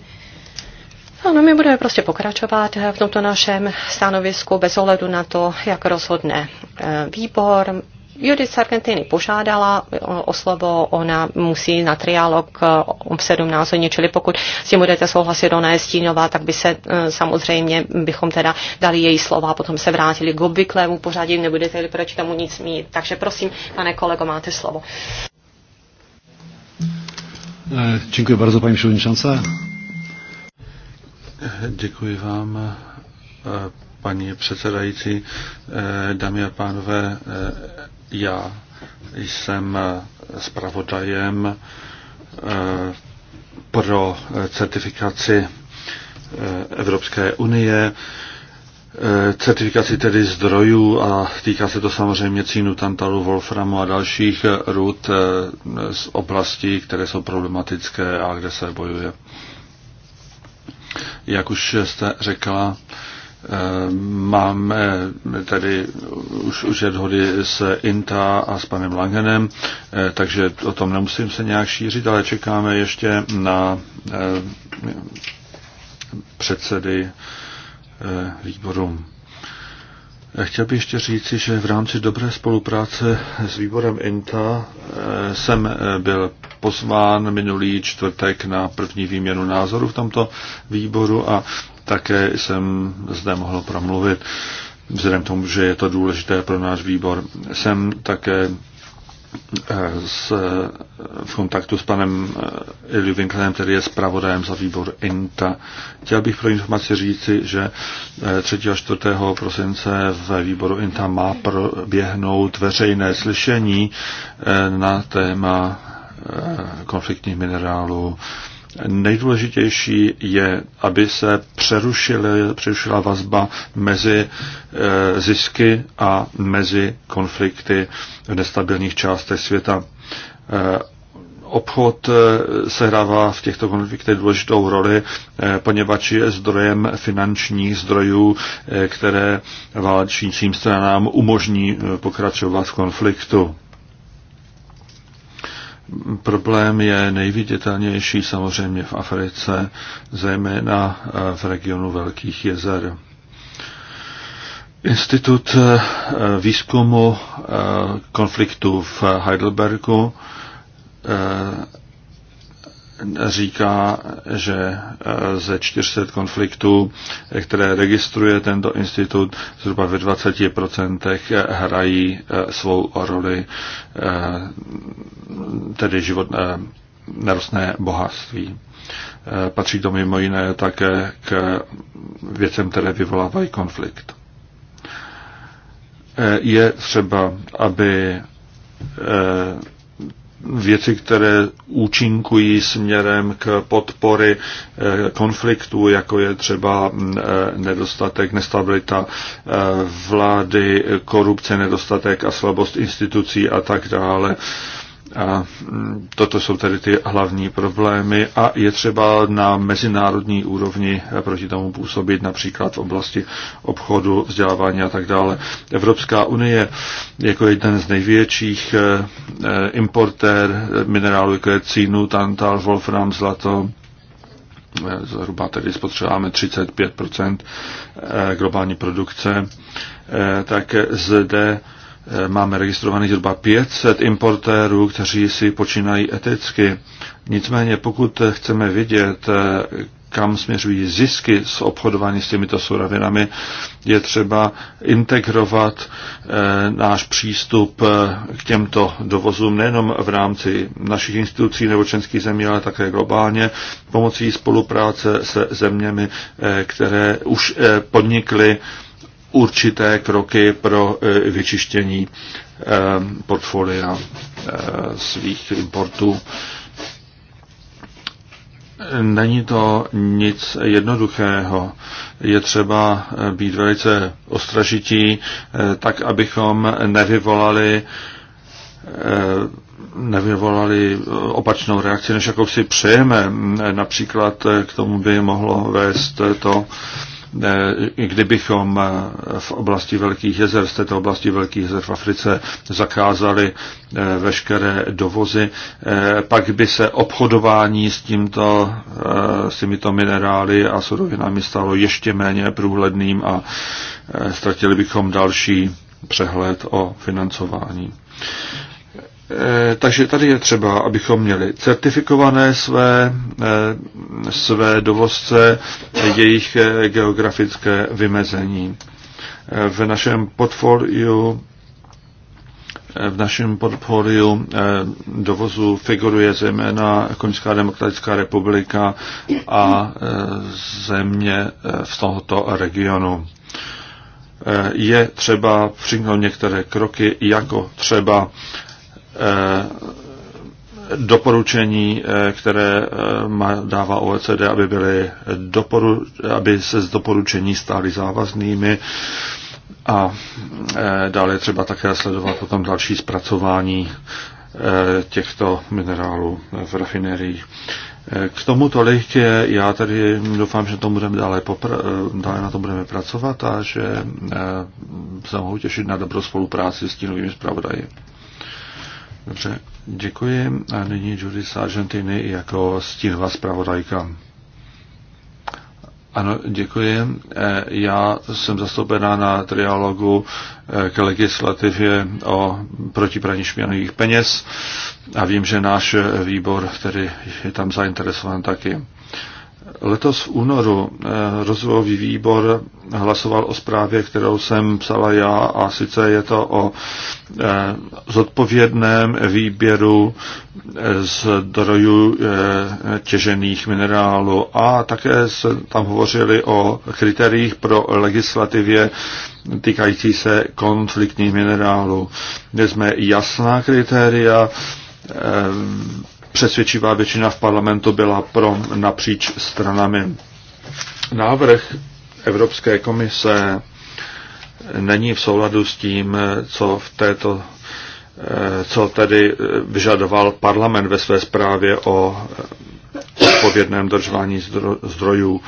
Speaker 2: ano, my budeme prostě pokračovat v tomto našem stanovisku bez ohledu na to, jak rozhodne eh, výbor. Judith Sargentini požádala o slovo, ona musí na triálok o 17 hodin, čili pokud s tím budete souhlasit, ona je stínová, tak by se eh, samozřejmě bychom teda dali její slova a potom se vrátili k obvyklému pořadí, nebudete-li proč tomu nic mít. Takže prosím, pane kolego, máte slovo.
Speaker 1: Eh, děkuji bardzo, paní předsednice. Děkuji vám, eh, paní předsedající, dámy a pánové, já jsem eh, zpravodajem eh, pro certifikaci eh, Evropské unie, certifikaci tedy zdrojů a týká se to samozřejmě cínu tantalu, wolframu a dalších rud z oblastí, které jsou problematické a kde se bojuje. Jak už jste řekla, Máme tady už, už je dohody s INTA a s panem Langenem, eh, takže o tom nemusím se nějak šířit, ale čekáme ještě na eh, předsedy eh, výboru. Chtěl bych ještě říci, že v rámci dobré spolupráce s výborem INTA jsem byl pozván minulý čtvrtek na první výměnu názoru v tomto výboru a také jsem zde mohl promluvit, vzhledem k tomu, že je to důležité pro náš výbor. Jsem také eh, s, v kontaktu s panem eh, Ili Winklerem, který je zpravodajem za výbor INTA. Chtěl bych pro informaci říci, že 3. Eh, a 4. prosince v výboru INTA má proběhnout veřejné slyšení na téma konfliktních minerálů Nejdůležitější je, aby se přerušila vazba mezi eh, zisky a mezi konflikty v nestabilních částech světa. Eh, obchod eh, sehrává v těchto konfliktech důležitou roli, poněvadž je zdrojem finančních zdrojů, které válčícím stranám umožní pokračovat v konfliktu. Problém je nejviditelnější samozřejmě v Africe, zejména eh, v regionu Velkých jezer. Institut eh, výzkumu eh, konfliktu v Heidelbergu říká, že eh, ze 400 konfliktů, eh, které registruje tento institut, zhruba ve 20% eh, hrají svou roli tedy život nerostné bohatství. Patří to mimo jiné také k věcem, které vyvolávají konflikt. Je třeba, aby věci, které účinkují směrem k podpory eh, konfliktu, jako je třeba mm, eh, nedostatek, nestabilita eh, vlády, korupce, nedostatek a slabost institucí a tak dále. A mm, toto jsou tedy ty hlavní problémy a je třeba na mezinárodní úrovni eh, proti tomu působit, například v oblasti obchodu, vzdělávání a tak dále. Evropská unie jako jeden z největších eh, eh, importér minerálů, jako je cínu, tantal, wolfram, zlato, zhruba tedy spotřebáme 35 globální produkce, tak zde Eh, máme registrovaných zhruba 500 importérů, kteří si počínají eticky. Nicméně pokud chceme vidět, eh, kam směřují zisky z obchodování s těmito surovinami, je třeba integrovat eh, náš přístup k těmto dovozům nejenom v rámci našich institucí nebo členských zemí, ale také globálně pomocí spolupráce se zeměmi, které už podnikly určité kroky pro e, vyčištění e, portfolia e, svých importů. Není to nic jednoduchého. Je třeba být velice ostražití, tak abychom nevyvolali nevyvolali opačnou reakci, než jakou si přejeme. Například k tomu by mohlo vést to, kdybychom eh, v oblasti Velkých jezer, z této oblasti Velkých jezer v Africe zakázali eh, veškeré dovozy, eh, pak by se obchodování s, tímto, s těmito minerály a surovinami stalo ještě méně průhledným a ztratili bychom další přehled o financování. Eh, takže tady je třeba, abychom měli certifikované své, eh, své dovozce, jejich eh, geografické vymezení. V našem portfoliu v našem portfoliu dovozu figuruje zejména Koňská demokratická republika a země z tohoto regionu. Je třeba přijmout některé kroky, jako třeba Eh, doporučení, eh, které eh, dává OECD, aby, byly doporu, aby se z doporučení stály závaznými a dále třeba také sledovat potom další zpracování těchto minerálů v rafinériích. K tomu tolik, já tady doufám, že to budeme dále, popra- dále na tom budeme pracovat a že se mohu těšit na dobrou spolupráci s tím novým zpravodajem. Dobře, děkuji. A nyní Judy z Argentiny jako stínová zpravodajka. Ano, děkuji. E, já jsem zastoupená na trialogu e, k legislativě o protipraní špinavých peněz a vím, že náš výbor tedy je tam zainteresovan taky. Letos v únoru eh, rozvojový výbor hlasoval o zprávě, kterou jsem psala já, a sice je to o eh, zodpovědném výběru eh, zdrojů těžených minerálů. A také se tam hovořili o kritériích pro legislativě týkající se konfliktních minerálů, Dnes jsme jasná kritéria, přesvědčivá většina v parlamentu byla pro napříč stranami. Návrh Evropské komise není v souladu s tím, co v této eh, co tedy eh, vyžadoval parlament ve své zprávě o eh, odpovědném dodržování zdrojů.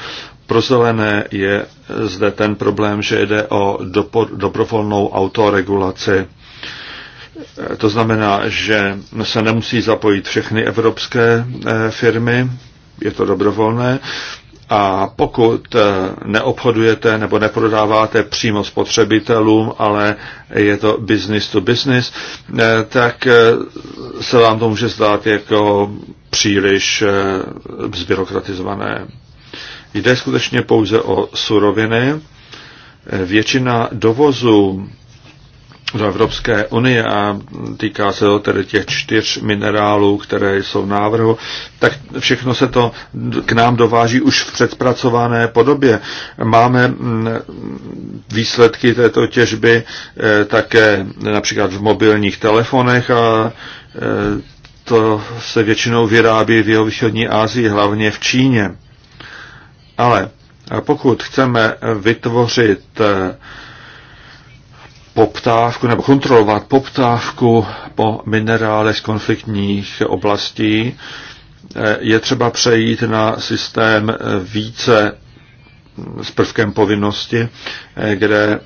Speaker 1: Pro zelené je zde ten problém, že jde o dobrovolnou autoregulaci to znamená, že se nemusí zapojit všechny evropské eh, firmy, je to dobrovolné. A pokud eh, neobchodujete nebo neprodáváte přímo spotřebitelům, ale je to business to business, eh, tak se vám to může zdát jako příliš zbyrokratizované. Jde skutečně pouze o suroviny. Většina dovozu do Evropské unie a týká se to tedy těch čtyř minerálů, které jsou v návrhu, tak všechno se to k nám dováží už v předpracované podobě. Máme mm, výsledky této těžby eh, také například v mobilních telefonech a eh, to se většinou vyrábí v jeho východní Asii, hlavně v Číně. Ale pokud chceme vytvořit eh, poptávku nebo kontrolovat poptávku po minerálech z konfliktních oblastí. Eh, je třeba přejít na systém eh, více hm, s prvkem povinnosti, eh, kde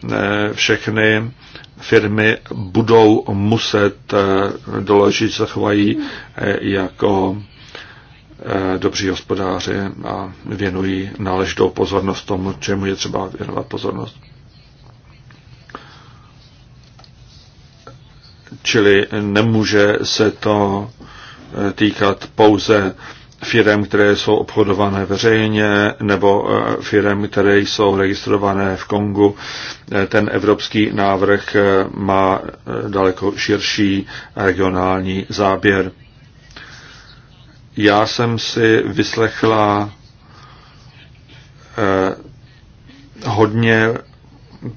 Speaker 1: všechny firmy budou muset doložit, zachovají jako dobří hospodáři a věnují náležitou pozornost tomu, čemu je třeba věnovat pozornost. čili nemůže se to eh, týkat pouze firem, které jsou obchodované veřejně, nebo eh, firem, které jsou registrované v Kongu. Eh, ten evropský návrh má daleko širší regionální záběr. Já jsem si vyslechla hodně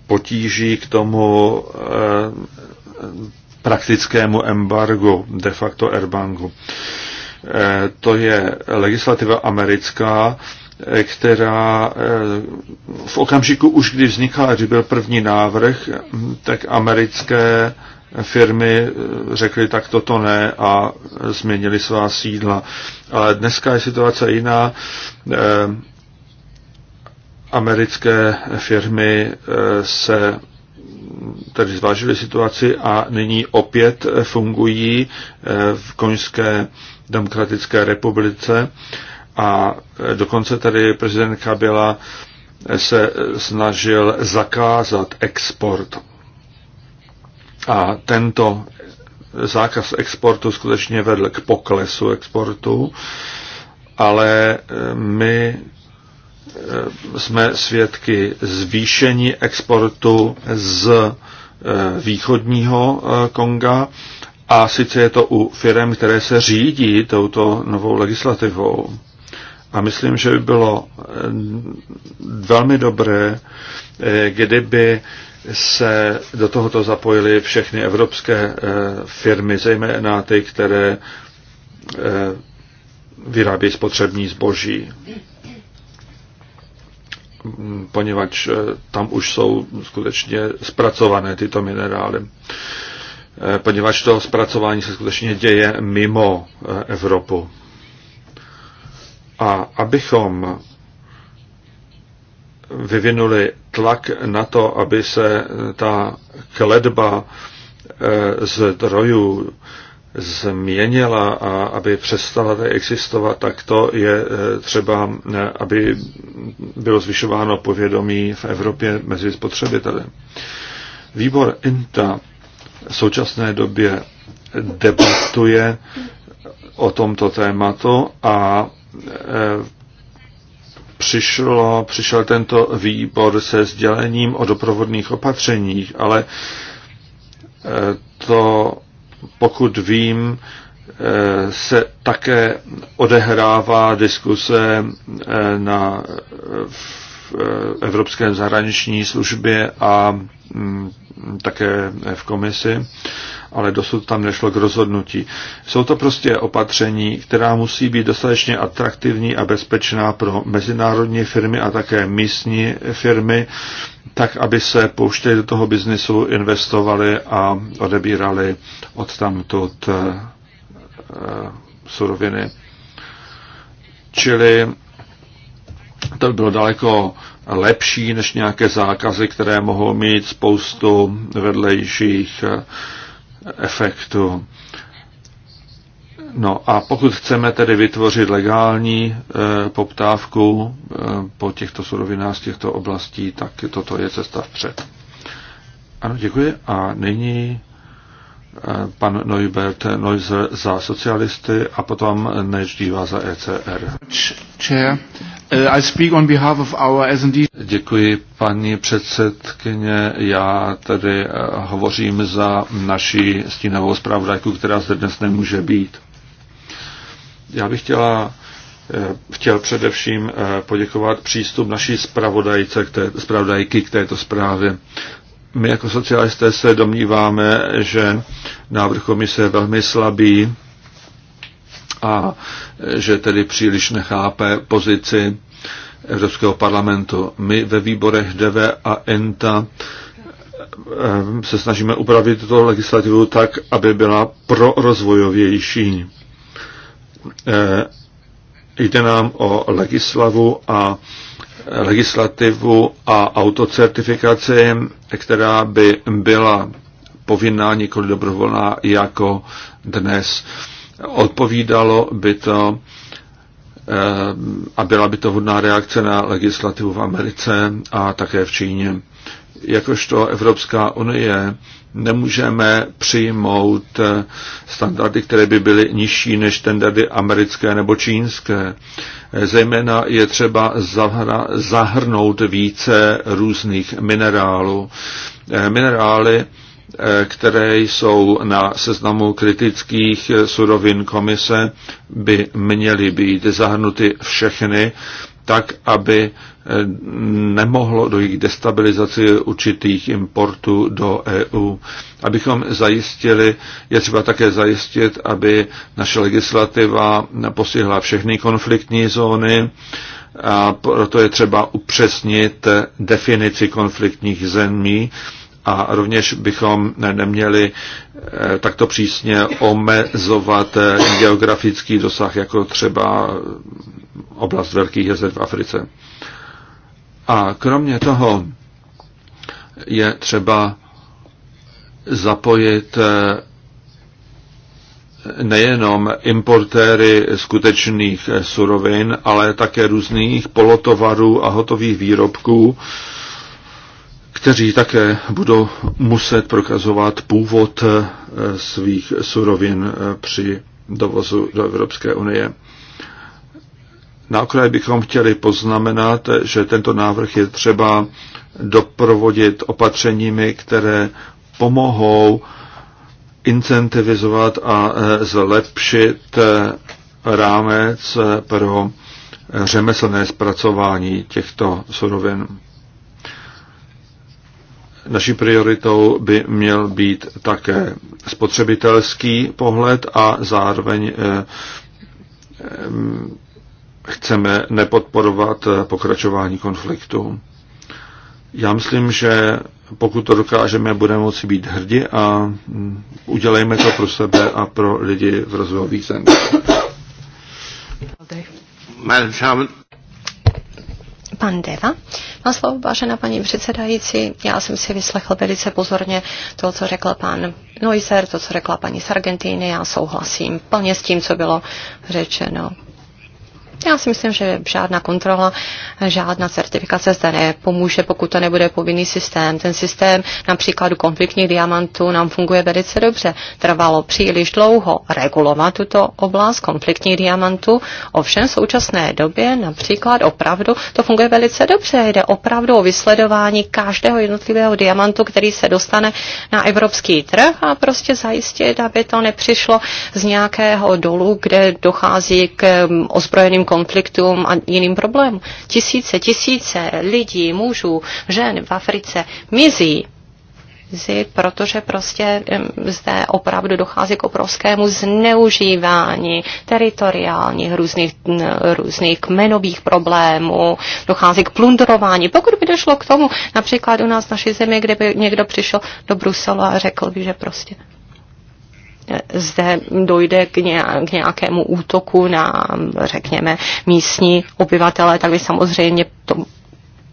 Speaker 1: potíží k tomu praktickému embargu, de facto erbangu. Eh, to je legislativa americká, eh, která eh, v okamžiku už, kdy vznikla, kdy byl první návrh, tak americké firmy řekly tak toto ne a změnili svá sídla. Ale dneska je situace jiná. Americké firmy se tedy zvážili situaci a nyní opět fungují eh, v Koňské demokratické republice a eh, dokonce tady prezident Kabila eh, se snažil zakázat export. A tento zákaz exportu skutečně vedl k poklesu exportu, ale my Eh, jsme svědky zvýšení exportu z eh, východního eh, Konga a sice je to u firm, které se řídí touto novou legislativou. A myslím, že by bylo velmi dobré, kdyby se do tohoto zapojily všechny evropské firmy, zejména ty, které vyrábějí spotřební zboží poněvadž eh, tam už jsou skutečně zpracované tyto minerály. Eh, poněvadž to zpracování se skutečně děje mimo eh, Evropu. A abychom vyvinuli tlak na to, aby se ta kledba zdrojů změnila a aby přestala existovat, tak to je eh, třeba, eh, aby bylo zvyšováno povědomí v Evropě mezi spotřebiteli. Výbor INTA v současné době debatuje o tomto tématu a eh, přišlo, přišel tento výbor se sdělením o doprovodných opatřeních, ale to pokud vím, eh, se také odehrává diskuse eh, na, v eh, Evropské zahraniční službě a mm, také v komisi ale dosud tam nešlo k rozhodnutí. Jsou to prostě opatření, která musí být dostatečně atraktivní a bezpečná pro mezinárodní firmy a také místní firmy, tak, aby se pouštěli do toho biznisu, investovali a odebírali od tamtud eh, eh, suroviny. Čili to by bylo daleko lepší než nějaké zákazy, které mohou mít spoustu vedlejších eh, efektu. No a pokud chceme tedy vytvořit legální e, poptávku e, po těchto surovinách z těchto oblastí, tak toto je cesta vpřed. Ano, děkuji. A nyní pan Neubert Neuser za socialisty a potom Nejdýva za ECR. Chair, uh, I speak on behalf of our S&D. Děkuji, paní předsedkyně. Já tedy uh, hovořím za naší stínovou zpravodajku, která zde dnes nemůže být. Já bych chtěla uh, chtěl především poděkovat přístup naší zpravodajce, zpravodajky k této zprávě. My jako socialisté se domníváme, že návrh komise je velmi slabý a že tedy příliš nechápe pozici Evropského parlamentu. My ve výborech DV a ENTA eh, se snažíme upravit tuto legislativu tak, aby byla prorozvojovější. Eh, jde nám o legislavu a legislativu a autocertifikaci, která by byla povinná, nikoli dobrovolná, jako dnes. Odpovídalo by to eh, a byla by to hodná reakce na legislativu v Americe a také v Číně jakožto Evropská unie nemůžeme přijmout standardy, které by byly nižší než standardy americké nebo čínské. Zejména je třeba zahrnout více různých minerálů. Minerály, které jsou na seznamu kritických surovin komise, by měly být zahrnuty všechny tak, aby eh, nemohlo dojít k destabilizaci určitých importů do EU. Abychom zajistili, je třeba také zajistit, aby naše legislativa posihla všechny konfliktní zóny a proto je třeba upřesnit definici konfliktních zemí a rovněž bychom neměli eh, takto přísně omezovat eh, geografický dosah, jako třeba oblast Velkých jezer v Africe. A kromě toho je třeba zapojit eh, nejenom importéry skutečných surovin, ale také různých polotovarů a hotových výrobků, kteří také budou muset prokazovat původ eh, svých surovin eh, při dovozu do Evropské unie. Na okraj bychom chtěli poznamenat, že tento návrh je třeba doprovodit opatřeními, které pomohou incentivizovat a eh, zlepšit rámec pro řemeslné zpracování těchto surovin. Naší prioritou by měl být také spotřebitelský pohled a zároveň eh, eh, chceme nepodporovat eh, pokračování konfliktu. Já myslím, že pokud to dokážeme, budeme moci být hrdi a mm, udělejme to pro sebe a pro lidi v rozvojových zemích.
Speaker 2: Pan Deva. Má slovo, vážená paní předsedající. Já jsem si vyslechl velice pozorně to, co řekl pan Noiser, to, co řekla paní Sargentini. Já souhlasím plně s tím, co bylo řečeno. Já si myslím, že žádná kontrola, žádná certifikace zde nepomůže, pokud to nebude povinný systém. Ten systém například u konfliktních diamantů nám funguje velice dobře. Trvalo příliš dlouho regulovat tuto oblast konfliktních diamantů, ovšem v současné době například opravdu to funguje velice dobře. Jde opravdu o vysledování každého jednotlivého diamantu, který se dostane na evropský trh a prostě zajistit, aby to nepřišlo z nějakého dolu, kde dochází k mm, ozbrojeným konfliktům a jiným problémům. Tisíce, tisíce lidí, mužů, žen v Africe mizí protože prostě zde opravdu dochází k obrovskému zneužívání teritoriálních různých, různých kmenových problémů, dochází k plundrování. Pokud by došlo k tomu, například u nás v naší zemi, kdyby někdo přišel do Bruselu a řekl by, že prostě zde dojde k nějakému útoku na, řekněme, místní obyvatele, tak by samozřejmě to,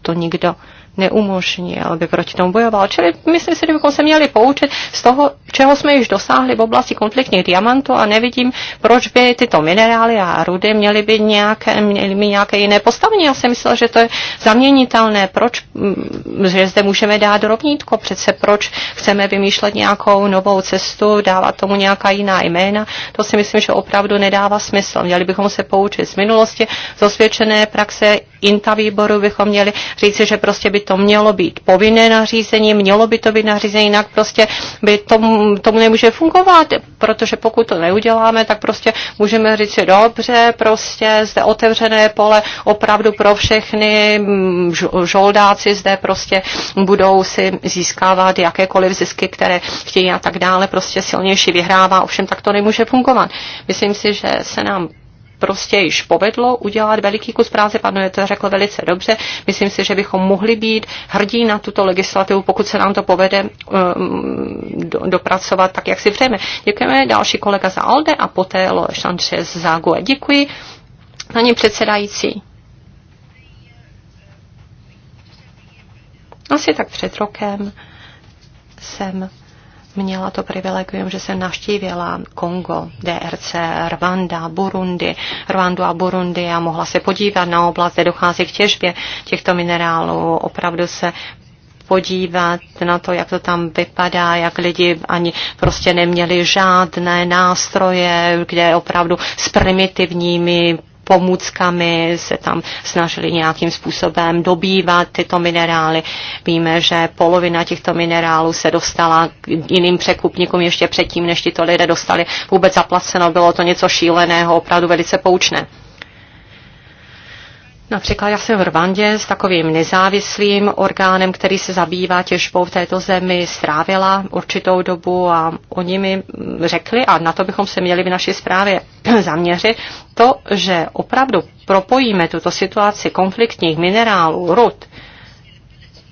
Speaker 2: to nikdo neumožnil, aby proti tomu bojoval. Čili myslím si, že bychom se měli poučit z toho, čeho jsme již dosáhli v oblasti konfliktních diamantů a nevidím, proč by tyto minerály a rudy měly by nějaké, měly by nějaké jiné postavení. Já jsem myslel, že to je zaměnitelné. Proč, mm, že zde můžeme dát rovnítko? Přece proč chceme vymýšlet nějakou novou cestu, dávat tomu nějaká jiná jména? To si myslím, že opravdu nedává smysl. Měli bychom se poučit z minulosti, z osvědčené praxe INTA výboru bychom měli říci, že prostě by to mělo být povinné nařízení, mělo by to být nařízení, jinak prostě by tomu, tomu nemůže fungovat, protože pokud to neuděláme, tak prostě můžeme říct si dobře, prostě zde otevřené pole opravdu pro všechny, mm, žoldáci zde prostě budou si získávat jakékoliv zisky, které chtějí a tak dále, prostě silnější vyhrává, ovšem tak to nemůže fungovat. Myslím si, že se nám prostě již povedlo udělat veliký kus práce, pan je to řekl velice dobře. Myslím si, že bychom mohli být hrdí na tuto legislativu, pokud se nám to povede um, do, dopracovat tak, jak si přejeme. Děkujeme další kolega za Alde a poté Loe Sanchez za GUE. Děkuji. Paní předsedající, asi tak před rokem jsem měla to privilegium, že jsem navštívila Kongo, DRC, Rwanda, Burundi, Rwandu a Burundi a mohla se podívat na oblast, kde dochází k těžbě těchto minerálů. Opravdu se podívat na to, jak to tam vypadá, jak lidi ani prostě neměli žádné nástroje, kde opravdu s primitivními pomůckami se tam snažili nějakým způsobem dobývat tyto minerály. Víme, že polovina těchto minerálů se dostala k jiným překupníkům ještě předtím, než tito lidé dostali vůbec zaplaceno. Bylo to něco šíleného, opravdu velice poučné. Například já jsem v Rwandě s takovým nezávislým orgánem, který se zabývá těžbou v této zemi, strávila určitou dobu a oni mi řekli, a na to bychom se měli v naší zprávě zaměřit, to, že opravdu propojíme tuto situaci konfliktních minerálů, rud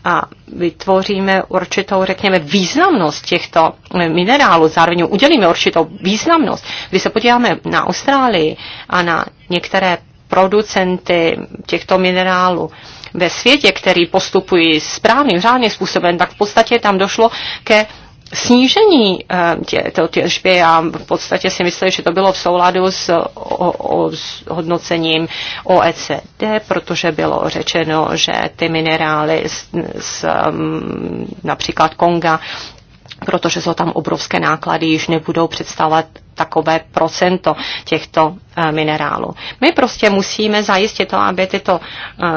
Speaker 2: a vytvoříme určitou, řekněme, významnost těchto minerálů, zároveň udělíme určitou významnost. Když se podíváme na Austrálii a na některé producenty těchto minerálů ve světě, který postupují správným, řádným způsobem, tak v podstatě tam došlo ke snížení eh, této těžby a v podstatě si myslím, že to bylo v souladu s, o, o, s hodnocením OECD, protože bylo řečeno, že ty minerály z, z mm, například Konga, protože jsou tam obrovské náklady, již nebudou představovat takové procento těchto eh, minerálů. My prostě musíme zajistit to, aby tyto eh,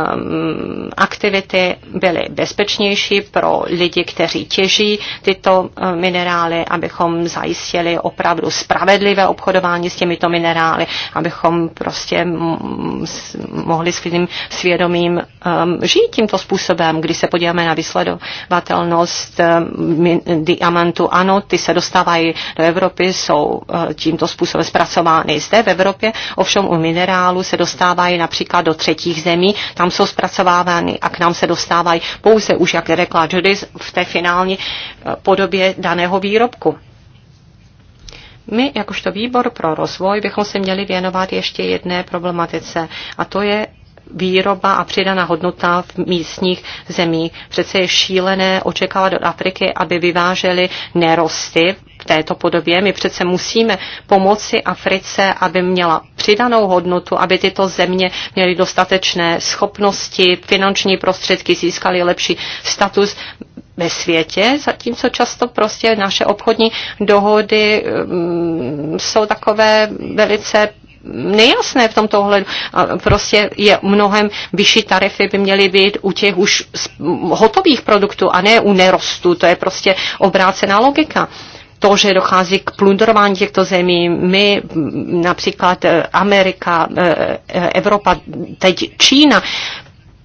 Speaker 2: aktivity byly bezpečnější pro lidi, kteří těží tyto eh, minerály, abychom zajistili opravdu spravedlivé obchodování s těmito minerály, abychom prostě mohli s tím svědomím žít tímto způsobem. Když se podíváme na vysledovatelnost diamantu ano, ty se dostávají do Evropy, jsou tímto způsobem zpracovány. Zde v Evropě ovšem u minerálu se dostávají například do třetích zemí, tam jsou zpracovávány a k nám se dostávají pouze už, jak řekla Judith, v té finální eh, podobě daného výrobku. My, jakožto výbor pro rozvoj, bychom se měli věnovat ještě jedné problematice, a to je výroba a přidaná hodnota v místních zemích. Přece je šílené očekávat od Afriky, aby vyváželi nerosty v této podobě. My přece musíme pomoci Africe, aby měla přidanou hodnotu, aby tyto země měly dostatečné schopnosti, finanční prostředky, získaly lepší status ve světě, zatímco často prostě naše obchodní dohody mm, jsou takové velice nejasné v tomto ohledu. Prostě je mnohem vyšší tarify by měly být u těch už hotových produktů a ne u nerostu. To je prostě obrácená logika. Uh, to, že dochází k plundrování těchto zemí. My, například e, Amerika, e, e, Evropa, teď Čína,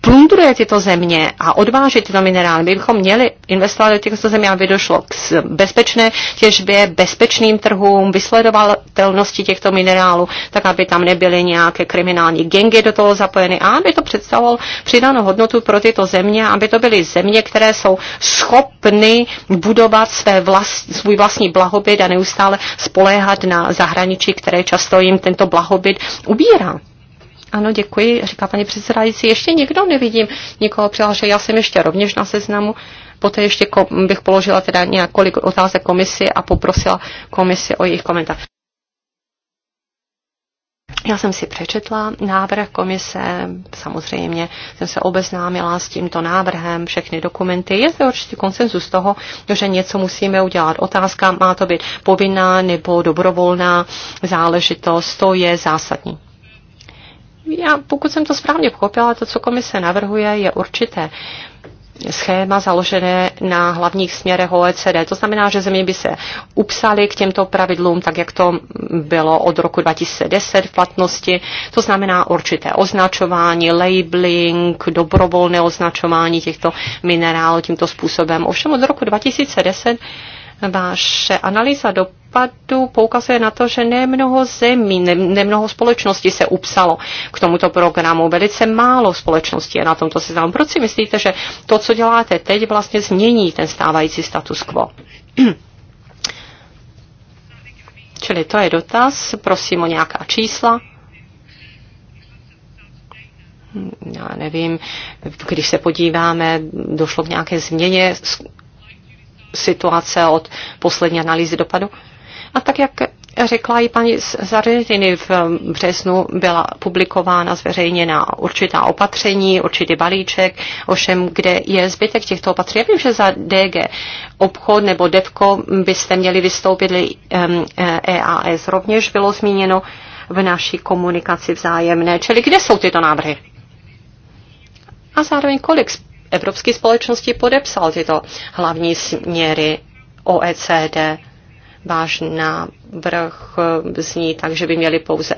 Speaker 2: plundruje tyto země a odváže tyto minerály. My bychom měli investovat do těchto zemí, aby došlo k bezpečné těžbě, bezpečným trhům, vysledovatelnosti těchto minerálů, tak aby tam nebyly nějaké kriminální gengy do toho zapojeny a aby to představovalo přidanou hodnotu pro tyto země, aby to byly země, které jsou schopny budovat své vlast, svůj vlastní blahobyt a neustále spoléhat na zahraničí, které často jim tento blahobyt ubírá. Ano, děkuji, říká paní předsedající. Ještě někdo nevidím nikoho přihlášeného. Já jsem ještě rovněž na seznamu. Poté ještě bych položila teda několik otázek komisi a poprosila komisi o jejich komentář. Já jsem si přečetla návrh komise, samozřejmě jsem se obeznámila s tímto návrhem, všechny dokumenty. Je zde určitý konsenzus toho, že něco musíme udělat. Otázka má to být povinná nebo dobrovolná záležitost, to je zásadní já, pokud jsem to správně pochopila, to, co komise navrhuje, je určité schéma založené na hlavních směrech OECD. To znamená, že země by se upsaly k těmto pravidlům, tak jak to bylo od roku 2010 v platnosti. To znamená určité označování, labeling, dobrovolné označování těchto minerálů tímto způsobem. Ovšem od roku 2010 vaše analýza do případů poukazuje na to, že nemnoho zemí, nemnoho společností se upsalo k tomuto programu. Velice málo společností je na tomto seznamu. Proč si myslíte, že to, co děláte teď, vlastně změní ten stávající status quo? Čili to je dotaz. Prosím o nějaká čísla já nevím, když se podíváme, došlo k nějaké změně situace od poslední analýzy dopadu? A tak, jak řekla i paní Zareniny v březnu, byla publikována, zveřejněna určitá opatření, určitý balíček, ovšem kde je zbytek těchto opatření. Já vím, že za DG obchod nebo DEVKO byste měli vystoupit EAS, eh, e rovněž bylo zmíněno v naší komunikaci vzájemné. Čili kde jsou tyto návrhy? A zároveň kolik evropských společností podepsal tyto hlavní směry OECD? váš návrh eh, zní tak, že by měli pouze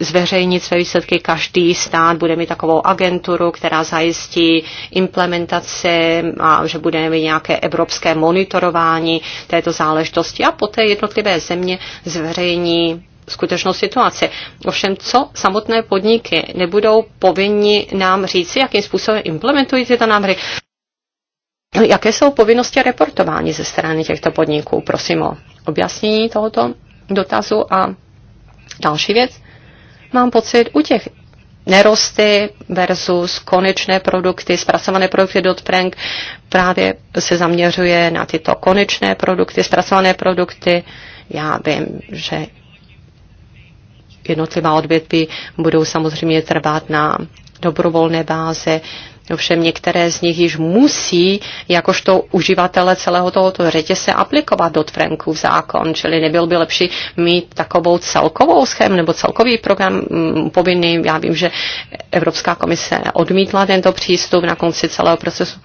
Speaker 2: zveřejnit své výsledky. Každý stát bude mít takovou agenturu, která zajistí implementaci a že bude mít nějaké evropské monitorování této záležitosti a poté jednotlivé země zveřejní skutečnou situaci. Ovšem, co samotné podniky nebudou povinni nám říci, jakým způsobem implementují tyto návrhy? Jaké jsou povinnosti reportování ze strany těchto podniků? Prosím o objasnění tohoto dotazu a další věc. Mám pocit, u těch nerosty versus konečné produkty, zpracované produkty dodd právě se zaměřuje na tyto konečné produkty, zpracované produkty. Já vím, že jednotlivá odvětví budou samozřejmě trvat na dobrovolné báze Ovšem některé z nich již musí jakožto uživatele celého tohoto řetězce aplikovat Tvrenku v zákon, čili nebyl by lepší mít takovou celkovou schém nebo celkový program m, mm, povinný. Já vím, že Evropská komise odmítla tento přístup na konci celého procesu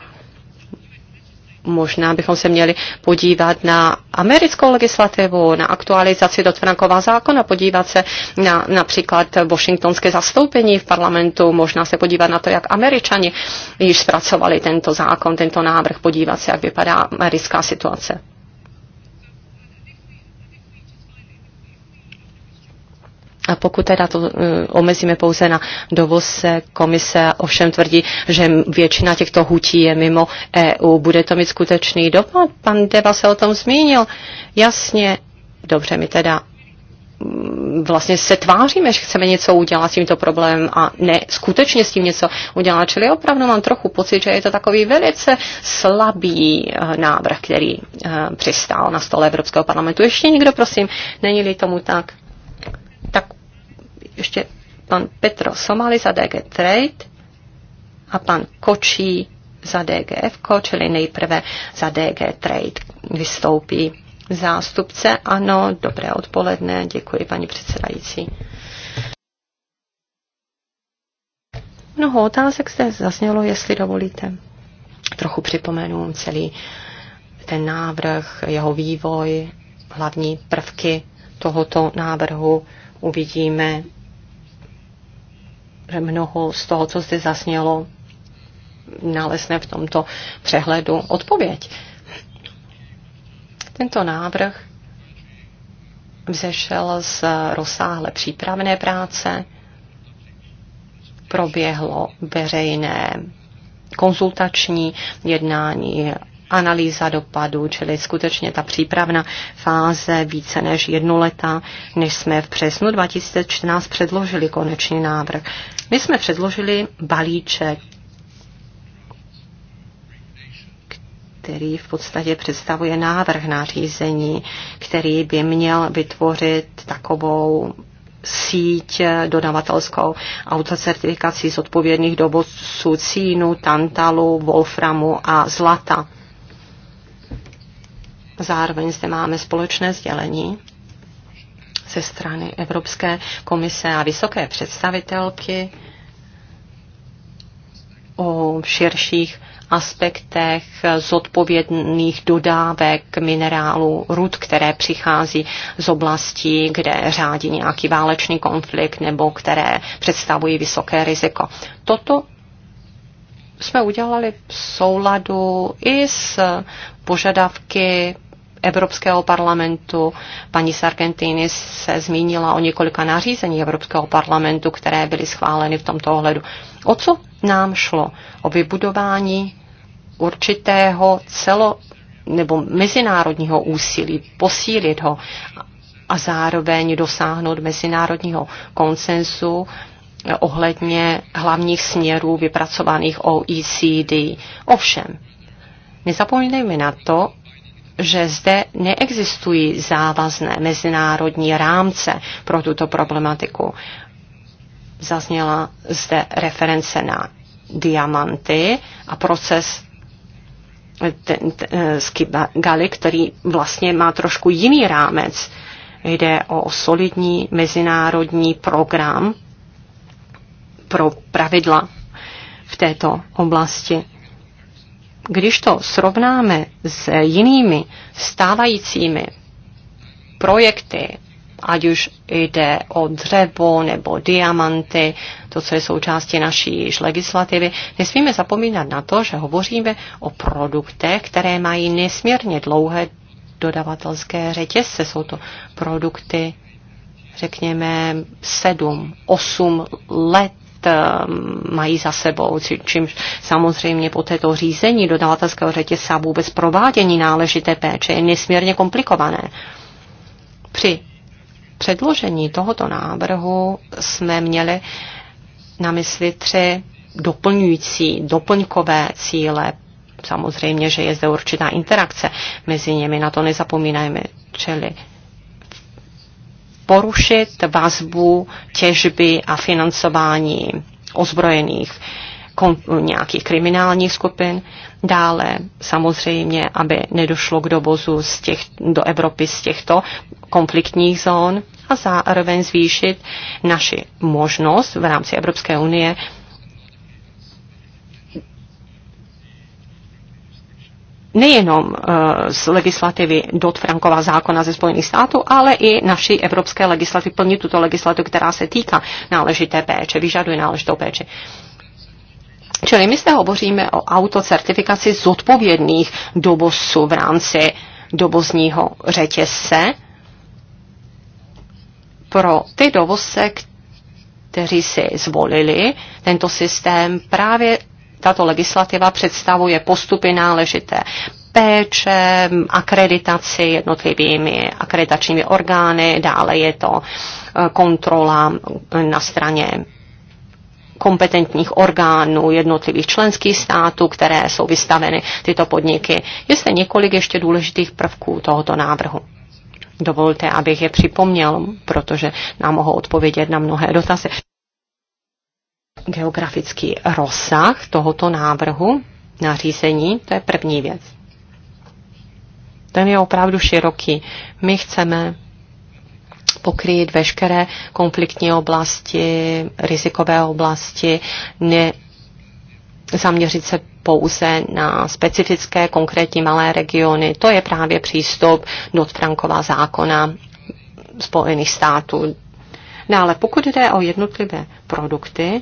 Speaker 2: možná bychom se měli podívat na americkou legislativu, na aktualizaci do zákona, podívat se na například washingtonské zastoupení v parlamentu, možná se podívat na to, jak američani již zpracovali tento zákon, tento návrh, podívat se, jak vypadá americká situace. A pokud teda to e, omezíme pouze na dovoz, e, komise ovšem tvrdí, že většina těchto hutí je mimo EU. Bude to mít skutečný dopad? Pan Deva se o tom zmínil. Jasně, dobře, my teda mm, vlastně se tváříme, že chceme něco udělat s tímto problémem a ne skutečně s tím něco udělat. Čili opravdu mám trochu pocit, že je to takový velice slabý e, návrh, který přistál na stole Evropského parlamentu. Ještě někdo, prosím, není-li tomu tak? ještě pan Petro Somali za DG Trade a pan Kočí za DGF, čili nejprve za DG Trade vystoupí zástupce. Ano, dobré odpoledne, děkuji paní předsedající. Mnoho otázek zde zaznělo, jestli dovolíte. Trochu připomenu celý ten návrh, jeho vývoj, hlavní prvky tohoto návrhu uvidíme mnoho z toho, co zde zasnělo, nalezne v tomto přehledu odpověď. Tento návrh vzešel z rozsáhlé přípravné práce, proběhlo veřejné konzultační jednání analýza dopadu, čili skutečně ta přípravná fáze více než jednoletá, než jsme v přesnu 2014 předložili konečný návrh. My jsme předložili balíček, který v podstatě představuje návrh nařízení, který by měl vytvořit takovou síť dodavatelskou autocertifikací z odpovědných dovozců cínu, tantalu, wolframu a zlata. Zároveň zde máme společné sdělení ze strany Evropské komise a vysoké představitelky o širších aspektech zodpovědných dodávek minerálu rud, které přichází z oblastí, kde řádí nějaký válečný konflikt nebo které představují vysoké riziko. Toto jsme udělali v souladu i s požadavky Evropského parlamentu. Paní Sargentini se zmínila o několika nařízení Evropského parlamentu, které byly schváleny v tomto ohledu. O co nám šlo? O vybudování určitého celo nebo mezinárodního úsilí, posílit ho a zároveň dosáhnout mezinárodního konsensu ohledně hlavních směrů vypracovaných OECD. Ovšem, nezapomínejme na to, že zde neexistují závazné mezinárodní rámce pro tuto problematiku. Zazněla zde reference na diamanty a proces eh, z ten, který vlastně má trošku jiný rámec. Jde o solidní mezinárodní program pro pravidla v této oblasti. Když to srovnáme s jinými stávajícími projekty, ať už jde o dřevo nebo diamanty, to, co je součástí naší již legislativy, nesmíme zapomínat na to, že hovoříme o produktech, které mají nesmírně dlouhé dodavatelské řetězce. Jsou to produkty, řekněme, 7, 8 let Eh, mají za sebou, čímž samozřejmě po této řízení dodavatelského řetězce a vůbec provádění náležité péče je nesmírně komplikované. Při předložení tohoto návrhu jsme měli na mysli tři doplňující, doplňkové cíle. Samozřejmě, že je zde určitá interakce mezi nimi, na to nezapomínajme. Čili porušit vazbu těžby a financování ozbrojených kon, nějakých kriminálních skupin. Dále samozřejmě, aby nedošlo k dovozu z těch, do Evropy z těchto konfliktních zón a zároveň zvýšit naši možnost v rámci Evropské unie nejenom eh, z legislativy dot frankova zákona ze Spojených států, ale i naší evropské legislativy, plní tuto legislativu, která se týká náležité péče, vyžaduje náležitou péči. Čili my zde hovoříme o autocertifikaci zodpovědných dobosů v rámci dobozního řetězce pro ty dovozce, kteří si zvolili tento systém právě tato legislativa představuje postupy náležité péče, akreditaci jednotlivými akreditačními orgány, dále je to eh, kontrola na straně kompetentních orgánů jednotlivých členských států, které jsou vystaveny tyto podniky. Je zde několik ještě důležitých prvků tohoto návrhu. Dovolte, abych je připomněl, protože nám mohou odpovědět na mnohé dotazy geografický rozsah tohoto návrhu nařízení, to je první věc. Ten je opravdu široký. My chceme pokryt veškeré konfliktní oblasti, rizikové oblasti, ne, zaměřit se pouze na specifické konkrétní malé regiony. To je právě přístup do Frankova zákona Spojených států. Dále, pokud jde o jednotlivé produkty,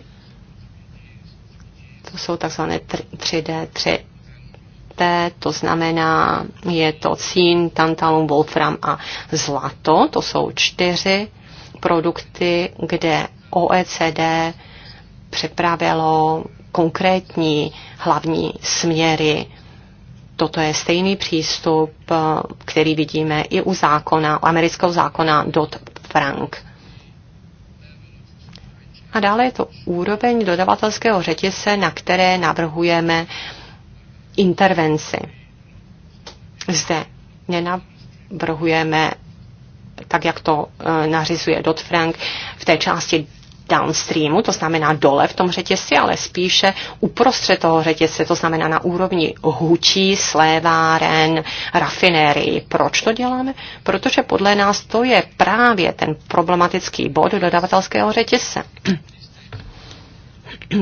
Speaker 2: jsou takzvané 3D, 3T, to znamená, je to cín, tantalum, wolfram a zlato, to jsou čtyři produkty, kde OECD připravilo konkrétní hlavní směry. Toto je stejný přístup, který vidíme i u zákona, u amerického zákona dot frank a dále je to úroveň dodavatelského řetězce, na které navrhujeme intervenci. Zde nenavrhujeme tak jak to eh, nařizuje Dodd-Frank, v té části downstreamu, to znamená dole v tom řetězci, ale spíše uprostřed toho řetězce, to znamená na úrovni hučí, sléváren, rafinérii. Proč to děláme? Protože podle nás to je právě ten problematický bod dodavatelského řetězce.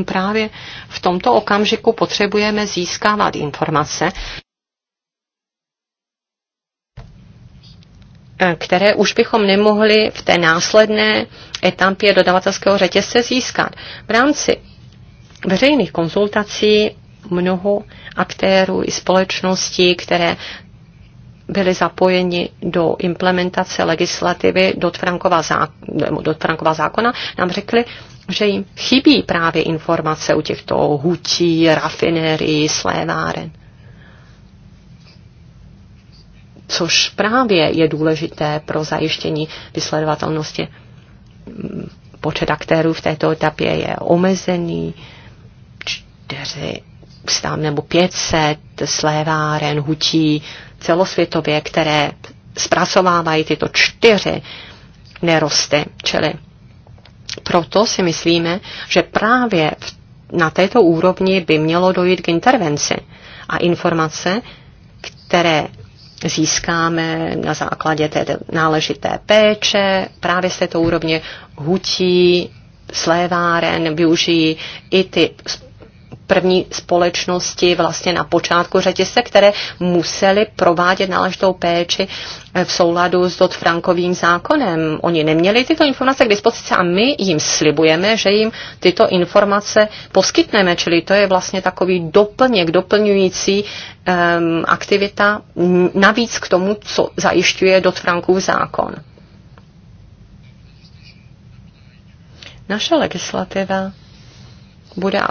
Speaker 2: Právě v tomto okamžiku potřebujeme získávat informace Eh, které už bychom nemohli v té následné etapě dodavatelského řetězce získat. V rámci veřejných konzultací mnoho aktérů i společností, které byli zapojeni do implementace legislativy do Frankova, zá, zákona, nám řekli, že jim chybí právě informace u těchto hutí, rafinérií, sléváren. což právě je důležité pro zajištění vysledovatelnosti. Počet aktérů v této etapě je omezený, čtyři tam nebo 500 sléváren, hutí celosvětově, které zpracovávají tyto čtyři nerosty. Čili proto si myslíme, že právě na této úrovni by mělo dojít k intervenci a informace, které získáme na základě té náležité péče právě z této úrovně hutí, sléváren, využijí i ty první společnosti vlastně na počátku řetězce, které museli provádět náležitou péči v souladu s dotfrankovým frankovým zákonem. Oni neměli tyto informace k dispozici a my jim slibujeme, že jim tyto informace poskytneme, čili to je vlastně takový doplněk, doplňující um, aktivita navíc k tomu, co zajišťuje Dodd-Frankův zákon. Naše legislativa bude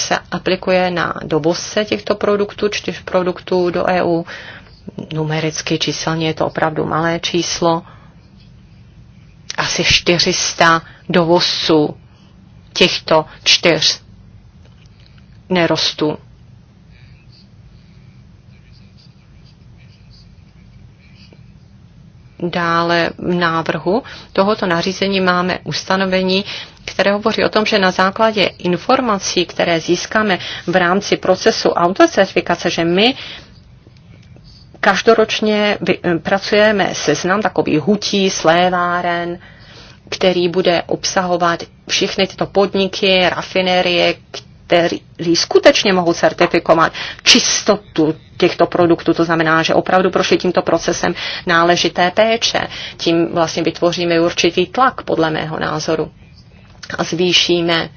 Speaker 2: se aplikuje na dovozce těchto produktů, čtyř produktů do EU. Numericky, číselně je to opravdu malé číslo. Asi 400 dovozců těchto čtyř nerostů dále v návrhu tohoto nařízení máme ustanovení, které hovoří o tom, že na základě informací, které získáme v rámci procesu autocertifikace, že my každoročně eh, pracujeme seznam takový hutí, sléváren, který bude obsahovat všechny tyto podniky, rafinerie, které kteří skutečně mohou certifikovat čistotu těchto produktů. To znamená, že opravdu prošli tímto procesem náležité péče. Tím vlastně vytvoříme určitý tlak, podle mého názoru. A zvýšíme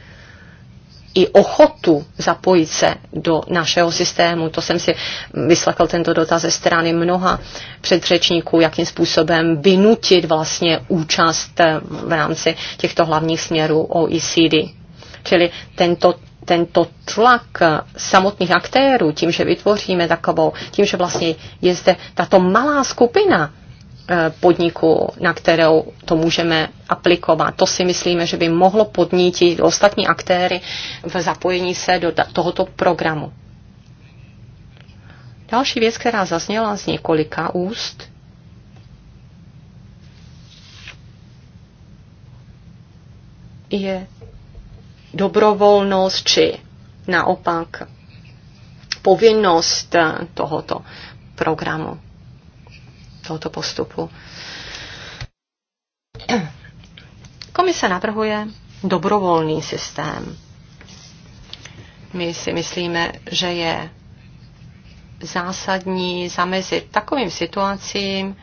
Speaker 2: i ochotu zapojit se do našeho systému. To jsem si vyslechl tento dotaz ze strany mnoha předřečníků, jakým způsobem vynutit vlastně účast v rámci těchto hlavních směrů OECD. Čili tento tento tlak samotných aktérů, tím, že vytvoříme takovou, tím, že vlastně je zde tato malá skupina eh, podniku, na kterou to můžeme aplikovat. To si myslíme, že by mohlo podnítit ostatní aktéry v zapojení se do tohoto programu. Další věc, která zazněla z několika úst, je dobrovolnost či naopak povinnost tohoto programu, tohoto postupu. Komise navrhuje dobrovolný systém. My si myslíme, že je zásadní zamezit takovým situacím,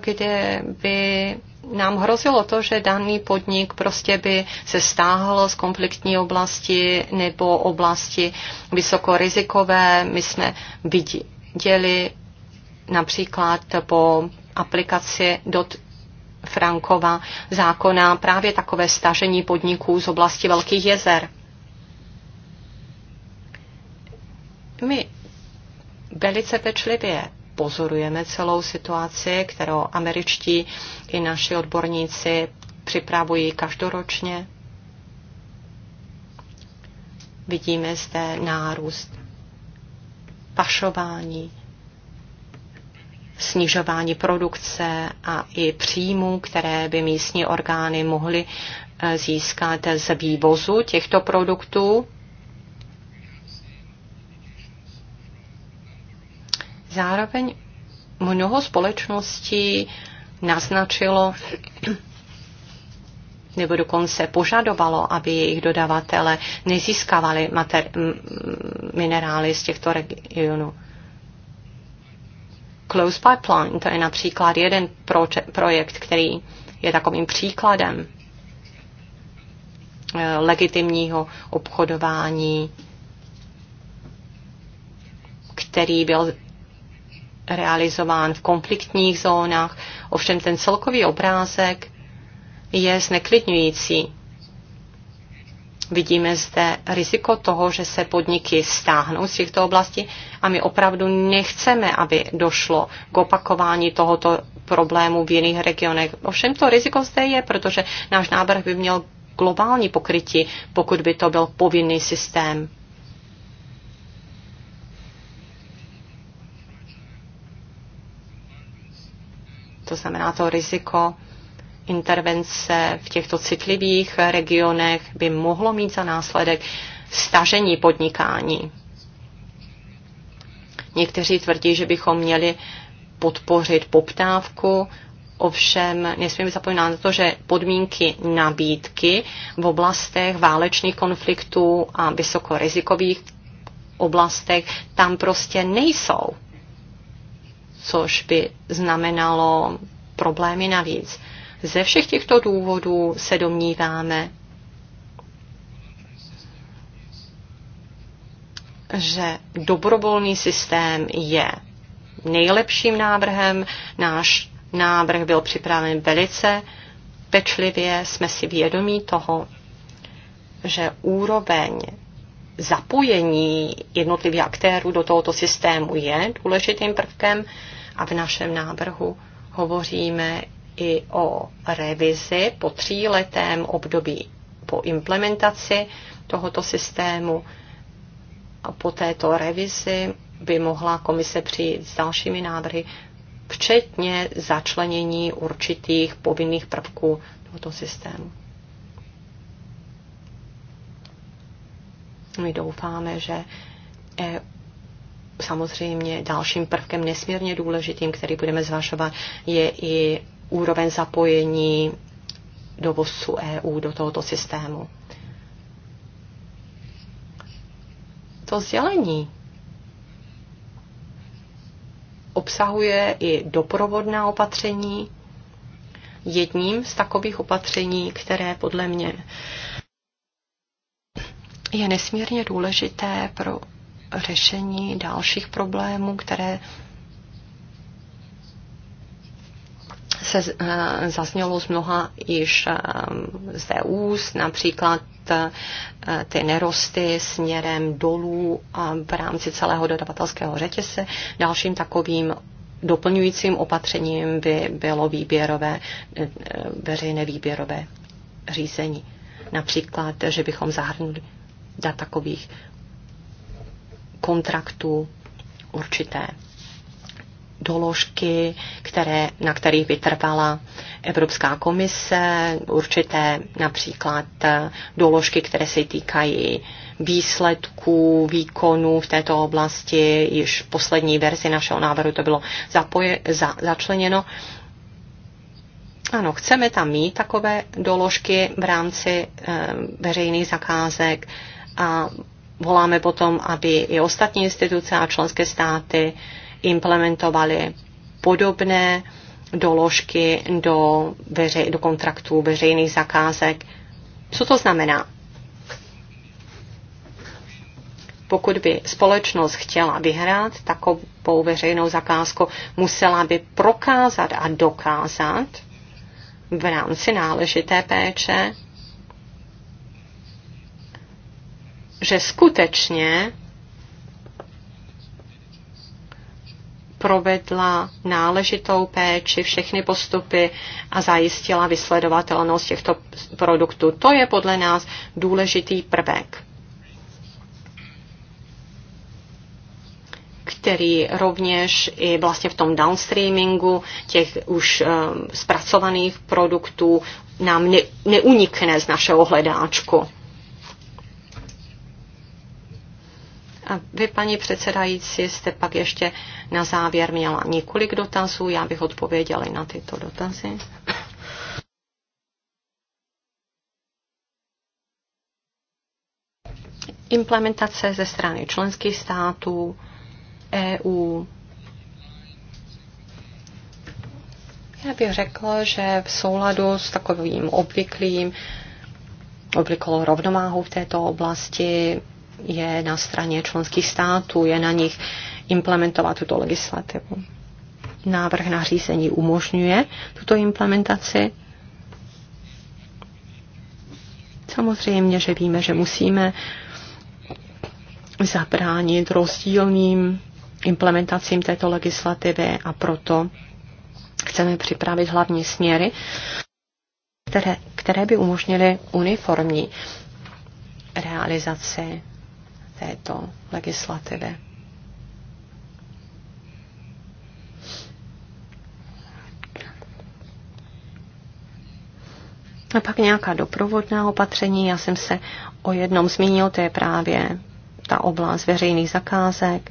Speaker 2: kde by nám hrozilo to, že daný podnik prostě by se stáhl z konfliktní oblasti nebo oblasti vysokorizikové. My jsme viděli například po aplikaci dot Frankova zákona právě takové stažení podniků z oblasti Velkých jezer. My velice pečlivě pozorujeme celou situaci, kterou američtí i naši odborníci připravují každoročně. Vidíme zde nárůst pašování, snižování produkce a i příjmů, které by místní orgány mohly eh, získat z vývozu těchto produktů Zároveň mnoho společností naznačilo nebo dokonce požadovalo, aby jejich dodavatele nezískávali mater- minerály z těchto regionů. Close Pipeline, to je například jeden projekt, který je takovým příkladem eh, legitimního obchodování, který byl realizován v konfliktních zónách, ovšem ten celkový obrázek je zneklidňující. Vidíme zde riziko toho, že se podniky stáhnou z těchto oblastí a my opravdu nechceme, aby došlo k opakování tohoto problému v jiných regionech. Ovšem to riziko zde je, protože náš návrh by měl globální pokrytí, pokud by to byl povinný systém To znamená, to riziko intervence v těchto citlivých regionech by mohlo mít za následek stažení podnikání. Někteří tvrdí, že bychom měli podpořit poptávku, ovšem nesmíme zapomínat na to, že podmínky nabídky v oblastech válečných konfliktů a vysokorizikových oblastech tam prostě nejsou což by znamenalo problémy navíc. Ze všech těchto důvodů se domníváme, že dobrovolný systém je nejlepším návrhem. Náš návrh byl připraven velice pečlivě, jsme si vědomí toho, že úroveň zapojení jednotlivých aktérů do tohoto systému je důležitým prvkem a v našem návrhu hovoříme i o revizi po tříletém období po implementaci tohoto systému. A po této revizi by mohla komise přijít s dalšími návrhy, včetně začlenění určitých povinných prvků tohoto systému. My doufáme, že e samozřejmě dalším prvkem nesmírně důležitým, který budeme zvažovat, je i úroveň zapojení dovozců EU do tohoto systému. To sdělení obsahuje i doprovodná opatření. Jedním z takových opatření, které podle mě je nesmírně důležité pro řešení dalších problémů, které se eh, zaznělo z mnoha již eh, zde úst, například eh, ty nerosty směrem dolů a v rámci celého dodavatelského řetězce. Dalším takovým doplňujícím opatřením by bylo výběrové, veřejné výběrové řízení. Například, že bychom zahrnuli dat takových kontraktů určité doložky, které, na kterých vytrvala Evropská komise, určité například doložky, které se týkají výsledků, výkonů v této oblasti. Již v poslední verzi našeho návrhu to bylo zapoje, za, začleněno. Ano, chceme tam mít takové doložky v rámci e, veřejných zakázek. E, a voláme potom, aby i ostatní instituce a členské státy implementovaly podobné doložky do, veřej, do kontraktů veřejných zakázek. Co to znamená? Pokud by společnost chtěla vyhrát takovou veřejnou zakázku, musela by prokázat a dokázat v rámci náležité péče, že skutečně provedla náležitou péči, všechny postupy a zajistila vysledovatelnost těchto produktů. To je podle nás důležitý prvek, který rovněž i vlastně v tom downstreamingu těch už um, zpracovaných produktů nám ne, neunikne z našeho hledáčku. A vy, paní předsedající, jste pak ještě na závěr měla několik dotazů, já bych odpověděla na tyto dotazy. Implementace ze strany členských států, EU. Já bych řekla, že v souladu s takovým obvyklým obvyklou rovnováhou v této oblasti je na straně členských států, je na nich implementovat tuto legislativu. Návrh nařízení umožňuje tuto implementaci. Samozřejmě, že víme, že musíme zabránit rozdílným implementacím této legislativy a proto chceme připravit hlavní směry, které, které by umožnily uniformní realizaci této legislativy. A pak nějaká doprovodná opatření. Já jsem se o jednom zmínil, to je právě ta oblast veřejných zakázek,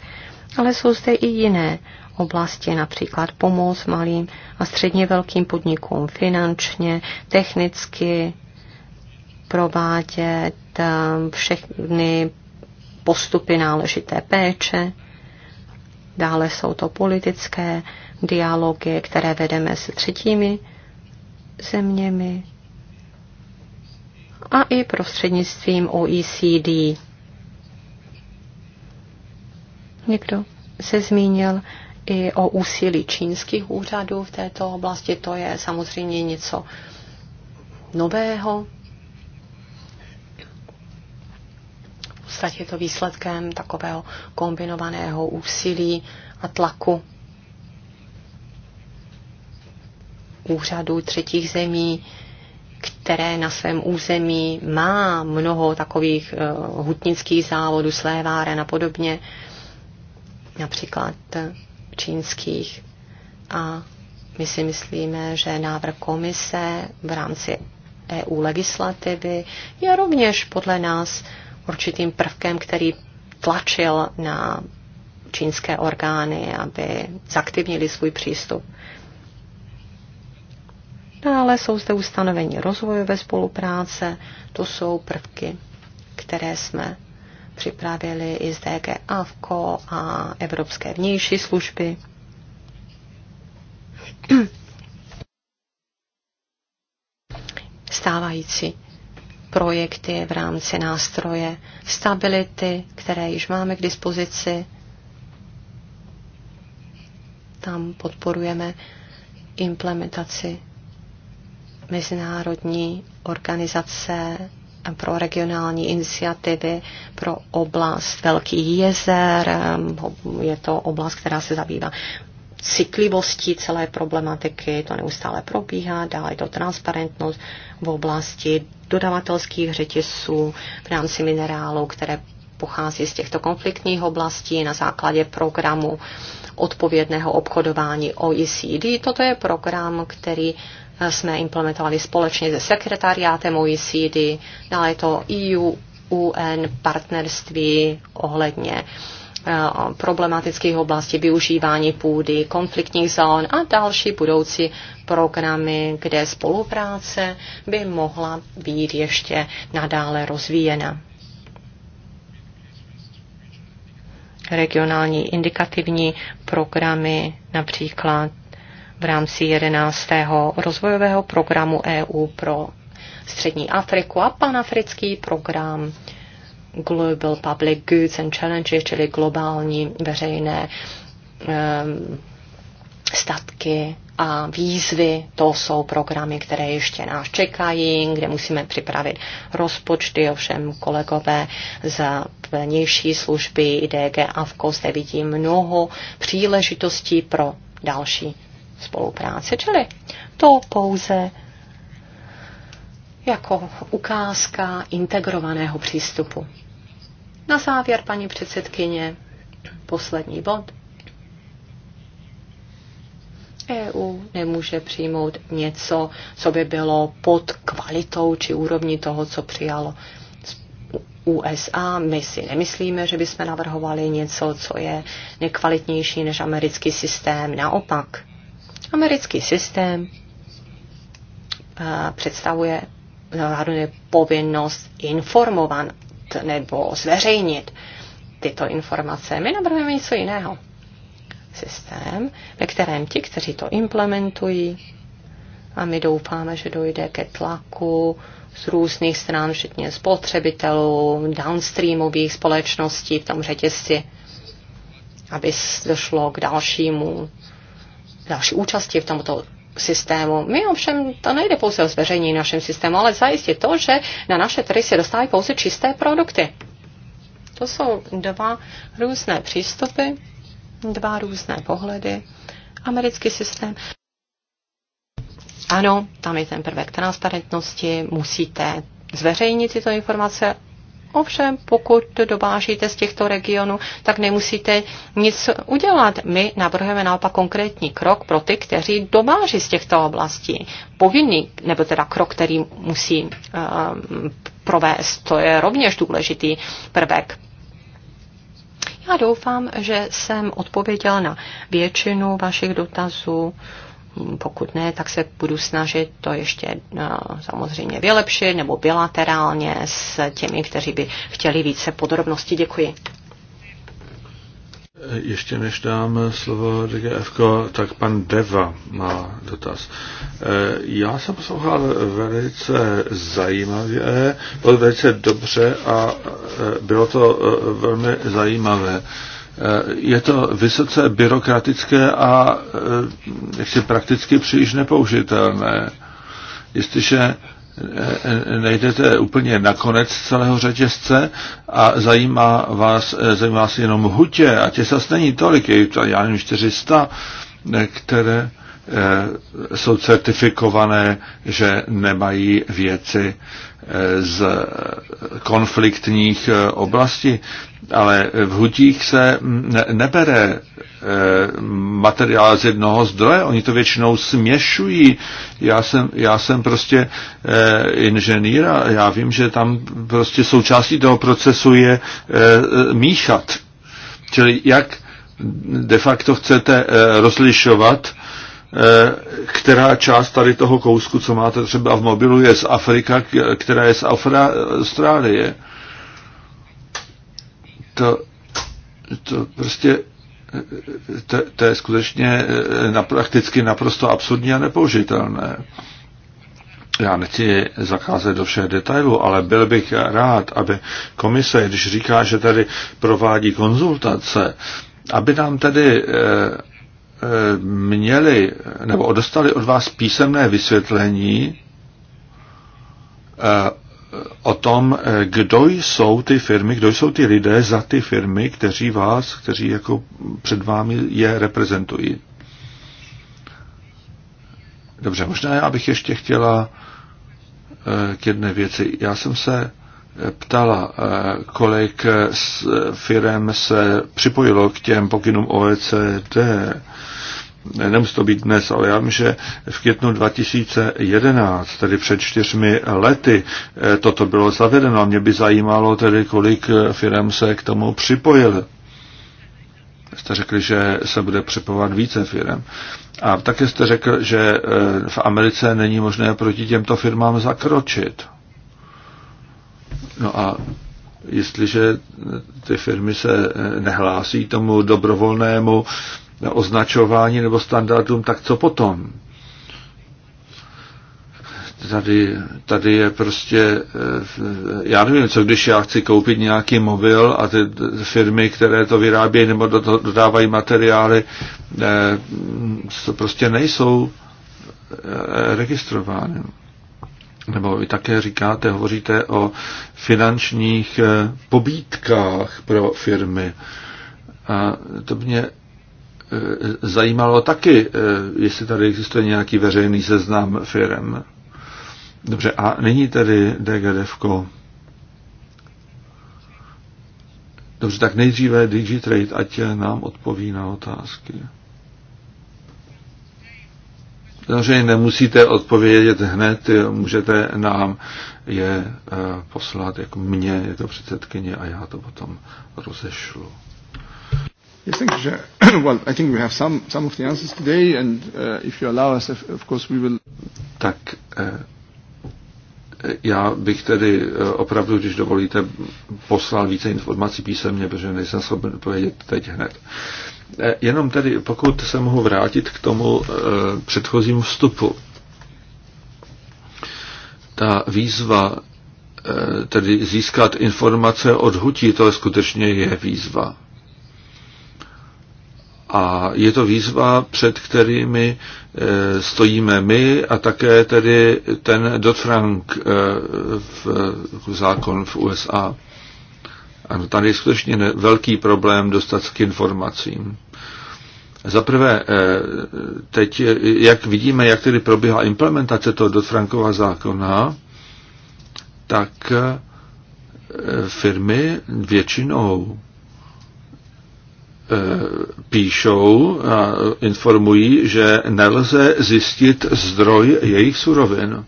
Speaker 2: ale jsou zde i jiné oblasti, například pomoc malým a středně velkým podnikům finančně, technicky, provádět eh, všechny postupy náležité péče. Dále jsou to politické dialogy, které vedeme s třetími zeměmi a i prostřednictvím OECD. Někdo se zmínil i o úsilí čínských úřadů v této oblasti. To je samozřejmě něco nového, podstatě to výsledkem takového kombinovaného úsilí a tlaku úřadů třetích zemí, které na svém území má mnoho takových eh, hutnických závodů, sléváren a podobně, například eh, čínských. A my si myslíme, že návrh komise v rámci EU legislativy je rovněž podle nás určitým prvkem, který tlačil na čínské orgány, aby zaktivnili svůj přístup. Dále jsou zde ustanovení rozvojové spolupráce, to jsou prvky, které jsme připravili i z DG AVKO a Evropské vnější služby. Stávající projekty v rámci nástroje stability, které již máme k dispozici. Tam podporujeme implementaci mezinárodní organizace pro regionální iniciativy pro oblast velký jezer. Je to oblast, která se zabývá citlivosti celé problematiky, to neustále probíhá, dále je to transparentnost v oblasti dodavatelských řetězů v rámci minerálů, které pochází z těchto konfliktních oblastí na základě programu odpovědného obchodování OECD. Toto je program, který eh, jsme implementovali společně se sekretariátem OECD, dále je to EU UN partnerství ohledně uh, Eh, problematických oblastí využívání půdy, konfliktních zón a další budoucí programy, kde spolupráce by mohla být ještě nadále rozvíjena. Regionální indikativní programy například v rámci 11. rozvojového programu EU pro střední Afriku a panafrický program Global Public Goods and Challenges, čili globální veřejné um, statky a výzvy, to jsou programy, které ještě nás čekají, kde musíme připravit rozpočty, ovšem kolegové za vnější služby IDG v Koste vidí mnoho příležitostí pro další spolupráci. Čili to pouze jako ukázka integrovaného přístupu. Na závěr, paní předsedkyně, poslední bod. EU nemůže přijmout něco, co by bylo pod kvalitou či úrovní toho, co přijalo USA. My si nemyslíme, že bychom navrhovali něco, co je nekvalitnější než americký systém. Naopak, americký systém eh, představuje zároveň eh, povinnost informovat nebo zveřejnit tyto informace. My navrhujeme něco jiného. Systém, ve kterém ti, kteří to implementují, a my doufáme, že dojde ke tlaku z různých stran, včetně spotřebitelů, downstreamových společností v tom řetězci, aby došlo k dalšímu další účasti v tomto systému. My ovšem to nejde pouze o zveřejnění v našem systému, ale zajistit to, že na naše trhy se dostávají pouze čisté produkty. To jsou dva různé přístupy, dva různé pohledy. Americký systém. Ano, tam je ten prvek transparentnosti, musíte zveřejnit tyto informace, Ovšem, pokud dovážíte z těchto regionů, tak nemusíte nic udělat. My navrhujeme naopak konkrétní krok pro ty, kteří dováží z těchto oblastí. Povinný, nebo teda krok, který musí uh, provést, to je rovněž důležitý prvek. Já doufám, že jsem odpověděl na většinu vašich dotazů. Pokud ne, tak se budu snažit to ještě eh, samozřejmě vylepšit nebo bilaterálně s těmi, kteří by chtěli více podrobností. Děkuji.
Speaker 1: Eh, ještě než dám slovo DGF, tak pan Deva má dotaz. Eh, já jsem poslouchal velice zajímavě, bylo velice dobře a bylo to velmi zajímavé. Eh, je to vysoce byrokratické a eh, jaksi prakticky příliš nepoužitelné. Jestliže eh, nejdete úplně na konec celého řetězce a zajímá vás, zajímá vás jenom hutě a těsas není tolik, je to, já nevím, 400, které Eh, jsou certifikované, že nemají věci eh, z konfliktních eh, oblastí, ale v hutích se mm, nebere materiál z jednoho zdroje, oni to většinou směšují. Já jsem, já jsem prostě inženýr a já vím, že tam prostě součástí toho procesu je míchat. Čili jak de facto chcete rozlišovat Eh, která část tady toho kousku, co máte třeba v mobilu, je z Afrika, která je z Afra, Austrálie. To, to prostě eh, to, to je skutečně eh, na, prakticky naprosto absurdní a nepoužitelné. Já nechci zacházet do všech detailů, ale byl bych rád, aby komise, když říká, že tady provádí konzultace, aby nám tedy měli nebo dostali od vás písemné vysvětlení eh, o tom, kdo jsou ty firmy, kdo jsou ty lidé za ty firmy, kteří vás, kteří jako před vámi je reprezentují. Dobře, možná já bych ještě chtěla eh, k jedné věci. Já jsem se eh, ptala, kolik firm se připojilo k těm pokynům OECD nemusí to být dnes, ale já vím, že v květnu 2011, tedy před čtyřmi lety, eh, toto bylo zavedeno a mě by zajímalo tedy, kolik eh, firm se k tomu připojil. Jste řekli, že se bude připojovat více firm. A také jste řekl, že eh, v Americe není možné proti těmto firmám zakročit. No a jestliže ty firmy se nehlásí tomu dobrovolnému označování nebo standardům, tak co potom? Tady, tady je prostě, eh, já nevím, co když já chci koupit nějaký mobil a ty firmy, které to vyrábějí nebo dodávají materiály, eh, prostě nejsou eh, registrovány. Nebo vy také říkáte, hovoříte o finančních pobítkách pro firmy. A to mě Eh, zajímalo taky, eh, jestli tady existuje nějaký veřejný seznam firm. Dobře, a nyní tedy DGDF. -ko. Dobře, tak nejdříve DigiTrade, ať nám odpoví na otázky. Samozřejmě nemusíte odpovědět hned, můžete nám je eh, poslat, jako je jako předsedkyně, a já to potom rozešlu. Yes, thank you, Chair. well, I think we have some, some of the answers today, and uh, if you allow us, of course we will... Tak eh, já bych tedy eh, opravdu, když dovolíte, poslal více informací písemně, protože nejsem schopen odpovědět teď hned. Eh, jenom tedy, pokud se mohu vrátit k tomu předchozímu vstupu. Ta výzva tedy získat informace od hutí, to je skutečně je výzva. A je to výzva, před kterými eh, stojíme my a také tedy ten Dodd-Frank eh, jako zákon v USA. Ano, tady je skutečně velký problém dostat k informacím. Za prvé, eh, teď, jak vidíme, jak tedy probíhá implementace toho Dodd-Frankova zákona, tak firmy většinou Eh, píšou a informují, že nelze zjistit zdroj jejich surovin.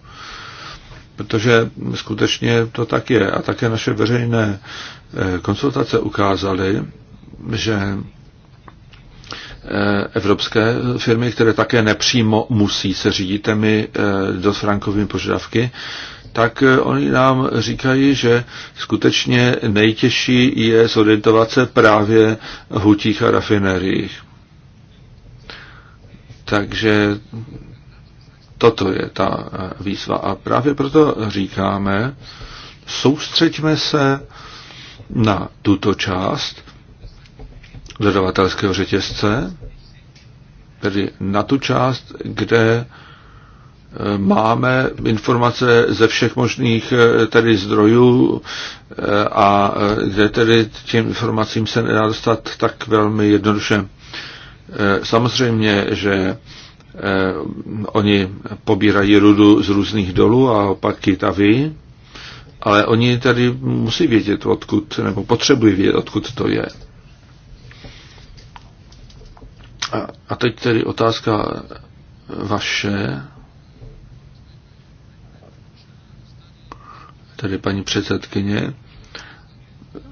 Speaker 1: Protože skutečně to tak je. A také naše veřejné eh, konsultace ukázaly, že eh, evropské firmy, které také nepřímo musí se řídit těmi frankovými požadavky, tak eh, oni nám říkají, že skutečně nejtěžší je zorientovat se právě v hutích a rafineriích. Takže toto je ta eh, výzva. A právě proto říkáme, soustřeďme se na tuto část dodavatelského řetězce, tedy na tu část, kde máme informace ze všech možných eh, tedy zdrojů eh, a eh, kde tedy těm informacím se nedá dostat tak velmi jednoduše. Samozřejmě, že oni pobírají rudu z různých dolů a opak ji taví, ale oni tady musí vědět, odkud, nebo potřebují vědět, odkud to je. A, a teď tedy otázka vaše. tedy paní předsedkyně,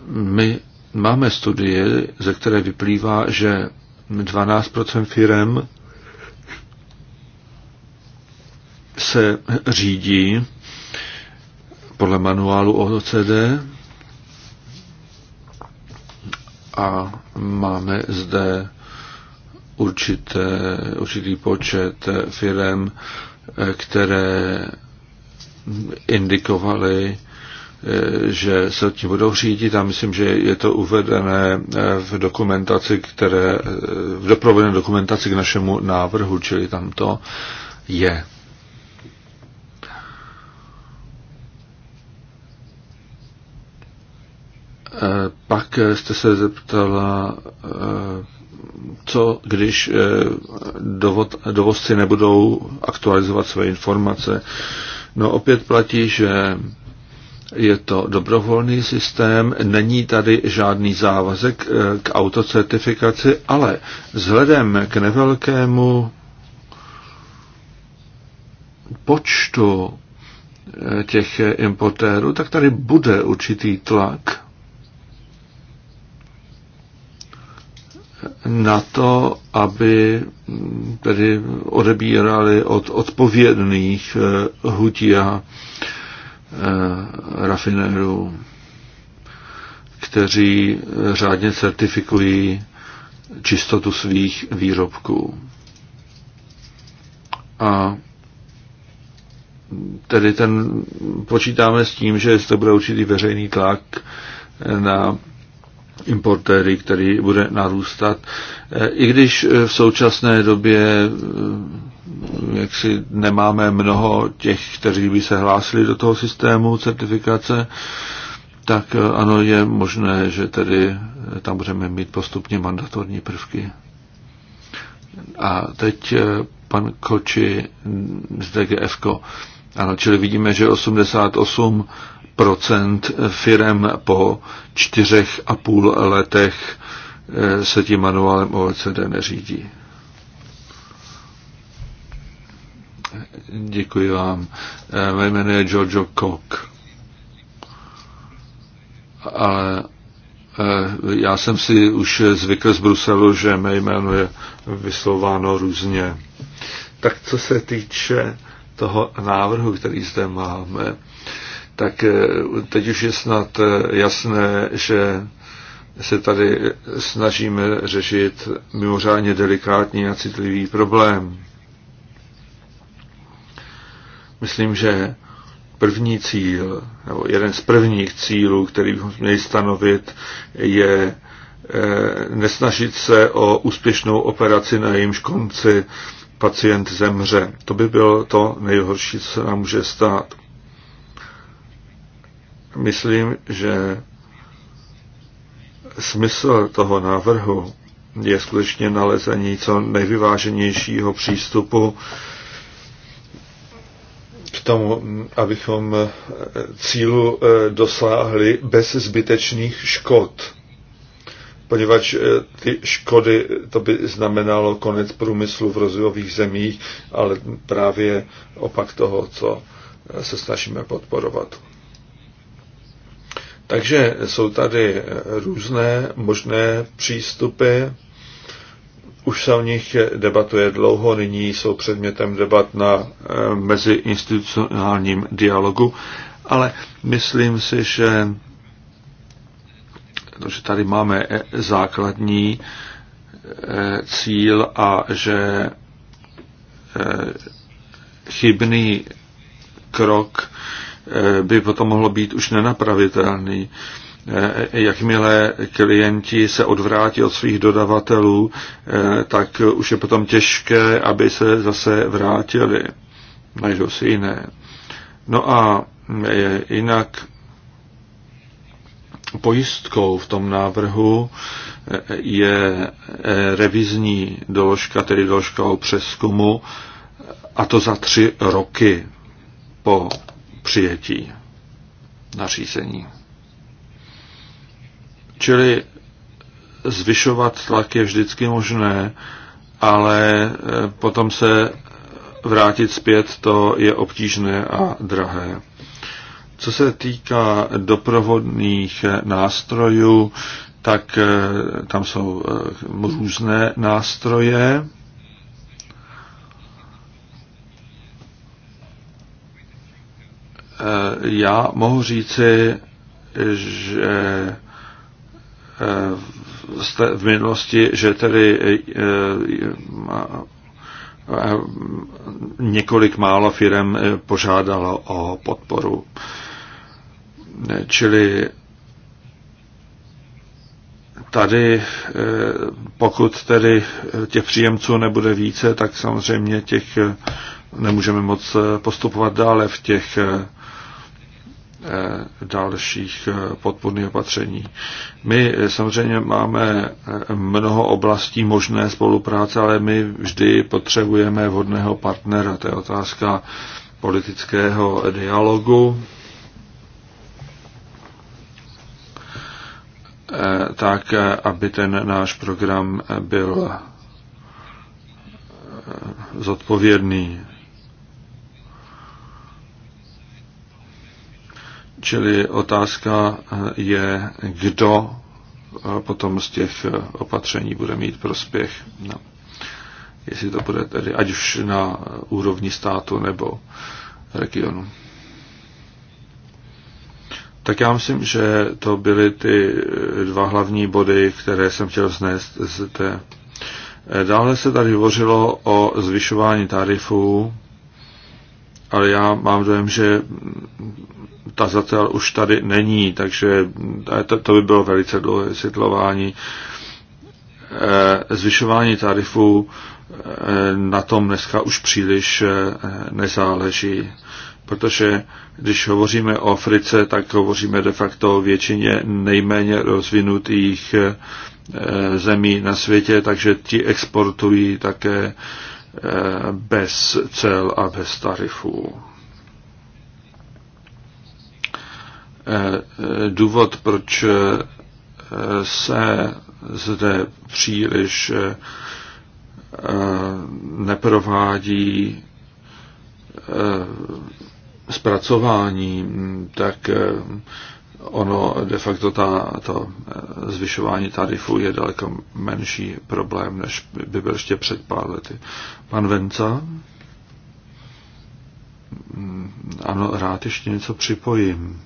Speaker 1: my máme studie, ze které vyplývá, že 12% firem se řídí podle manuálu OCD a máme zde určité, určitý počet firm, které indikovali, eh, že se tím budou řídit a myslím, že je to uvedené eh, v dokumentaci, které, eh, v doprovodné dokumentaci k našemu návrhu, čili tam to je. Pak jste se zeptala, co když dovod, dovozci nebudou aktualizovat své informace. No opět platí, že je to dobrovolný systém, není tady žádný závazek eh, k autocertifikaci, ale vzhledem k nevelkému počtu eh, těch importérů, tak tady bude určitý tlak na to, aby tedy odebírali od odpovědných hutí eh, a eh, rafinérů, kteří eh, řádně certifikují čistotu svých výrobků. A tedy ten, počítáme s tím, že to bude určitý veřejný tlak na importéry, který bude narůstat. Eh, I když eh, v současné době eh, jaksi nemáme mnoho těch, kteří by se hlásili do toho systému certifikace, tak ano, je možné, že tedy tam budeme mít postupně mandatorní prvky. A teď pan Koči z DGFko. Ano, čili vidíme, že 88 Procent firem po čtyřech a půl letech eh, se tím manuálem OECD neřídí. Děkuji vám. Eh, mé jméno je Giorgio Koch. Ale eh, já jsem si už zvykl z Bruselu, že mé jméno je vyslováno různě. Tak co se týče toho návrhu, který zde máme, tak eh, teď už je snad eh, jasné, že se tady snažíme řešit mimořádně delikátní a citlivý problém. Myslím, že první cíl, nebo jeden z prvních cílů, který bychom měli stanovit, je eh, nesnažit se o úspěšnou operaci, na jejímž konci pacient zemře. To by bylo to nejhorší, co se nám může stát myslím, že smysl toho návrhu je skutečně nalezení co nejvyváženějšího přístupu k tomu, abychom eh, cílu eh, dosáhli bez zbytečných škod. Poněvadž eh, ty škody, to by znamenalo konec průmyslu v rozvojových zemích, ale právě opak toho, co se snažíme podporovat. Takže jsou tady různé možné přístupy. Už se o nich debatuje dlouho, nyní jsou předmětem debat na eh, meziinstitucionálním dialogu, ale myslím si, že, že tady máme eh, základní eh, cíl a že chybný krok Eh, by potom mohlo být už nenapravitelný. Eh, jakmile klienti se odvrátí od svých dodavatelů, eh, tak už je potom těžké, aby se zase vrátili. Najdou si jiné. No a jinak pojistkou v tom návrhu je revizní doložka, tedy doložka o přeskumu, a to za tři roky po přijetí nařízení. Čili zvyšovat tlak je vždycky možné, ale e, potom se vrátit zpět to je obtížné a drahé. Co se týká doprovodných e, nástrojů, tak e, tam jsou různé nástroje Eh, já mohu říci, že eh, v minulosti, že tedy eh, několik málo firm požádalo o podporu. Čili tady, pokud tedy těch příjemců nebude více, tak samozřejmě těch nemůžeme moc postupovat dále v těch Eh, dalších eh, podpůrných opatření. My eh, samozřejmě máme mnoho oblastí možné spolupráce, ale my vždy potřebujeme vhodného partnera. To je otázka politického dialogu. tak, aby ten náš program byl zodpovědný Čili otázka eh, je, kdo eh, potom z těch eh, opatření bude mít prospěch. No. Jestli to bude tedy ať už na úrovni státu nebo regionu. Tak já myslím, že to byly ty dva hlavní body, které jsem chtěl znést z té. Dále se tady hovořilo o zvyšování tarifů ale já mám dojem, že tazatel už tady není, takže to, to by bylo velice dlouhé vysvětlování. Eh, zvyšování tarifů eh, na tom dneska už příliš eh, nezáleží, protože když hovoříme o Africe, tak hovoříme de facto o většině nejméně rozvinutých zemí na světě, takže ti exportují také bez cel a bez tarifů. Eh, eh, důvod, proč eh, se zde příliš neprovádí zpracování, tak ono de facto ta, to eh, zvyšování tarifů je daleko menší problém, než by byl ještě před pár lety. Pan Venca? Mm, ano, rád ještě něco připojím.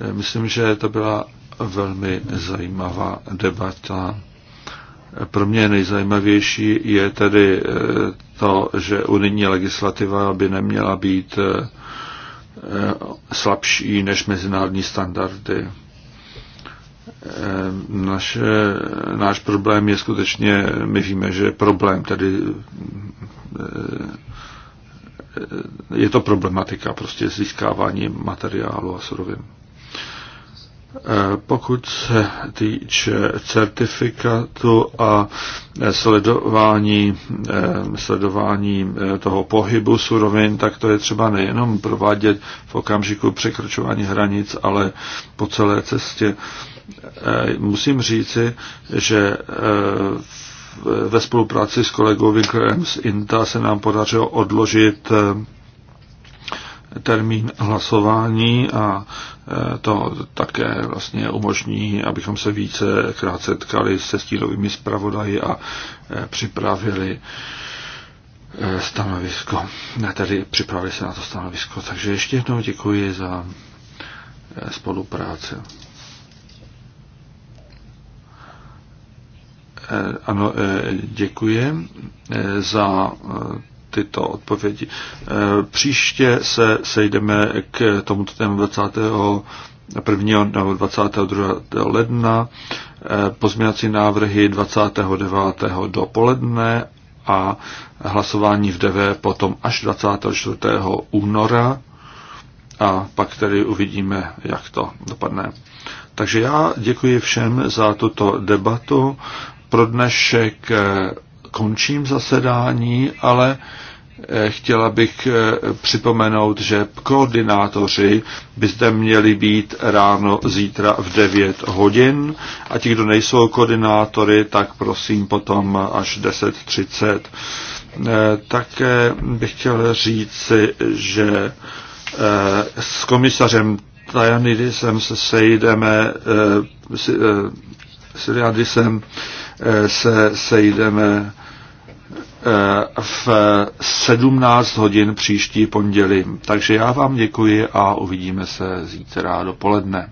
Speaker 1: Eh, myslím, že to byla velmi zajímavá debata. Eh, pro mě nejzajímavější je tedy to, že unijní legislativa by neměla být Eh, slabší než mezinárodní standardy. Eh, Naš, náš problém je skutečně, my víme, že problém tedy eh, je to problematika prostě získávání materiálu a surovin. Eh, pokud se týče certifikatu a sledování, eh, sledování eh, toho pohybu surovin, tak to je třeba nejenom provádět v okamžiku překračování hranic, ale po celé cestě. Musím říci, že ve spolupráci s kolegou Winklerem z INTA se nám podařilo odložit termín hlasování a to také vlastně umožní, abychom se více krát setkali se stílovými zpravodaji a eh, připravili eh, stanovisko. Ne, tedy připravili se na to stanovisko. Takže ještě jednou děkuji za eh, spolupráci. Ano, děkuji za tyto odpovědi. Eh, příště se sejdeme k tomuto tému 21. nebo 22. ledna, eh, pozměňovací návrhy 29. do poledne a hlasování v DV potom až 24. února a pak tedy uvidíme, jak to dopadne. Takže já děkuji všem za tuto debatu. Pro dnešek eh, končím zasedání, ale Eh, chtěla bych eh, připomenout, že koordinátoři by zde měli být ráno zítra v 9 hodin a ti, kdo nejsou koordinátory, tak prosím potom až 10.30. Eh, také bych chtěl říci, že s komisařem Tajanidisem se sejdeme, Siliadisem se sejdeme Eh, v 17 hodin příští pondělí. Takže já vám děkuji a uvidíme se zítra dopoledne.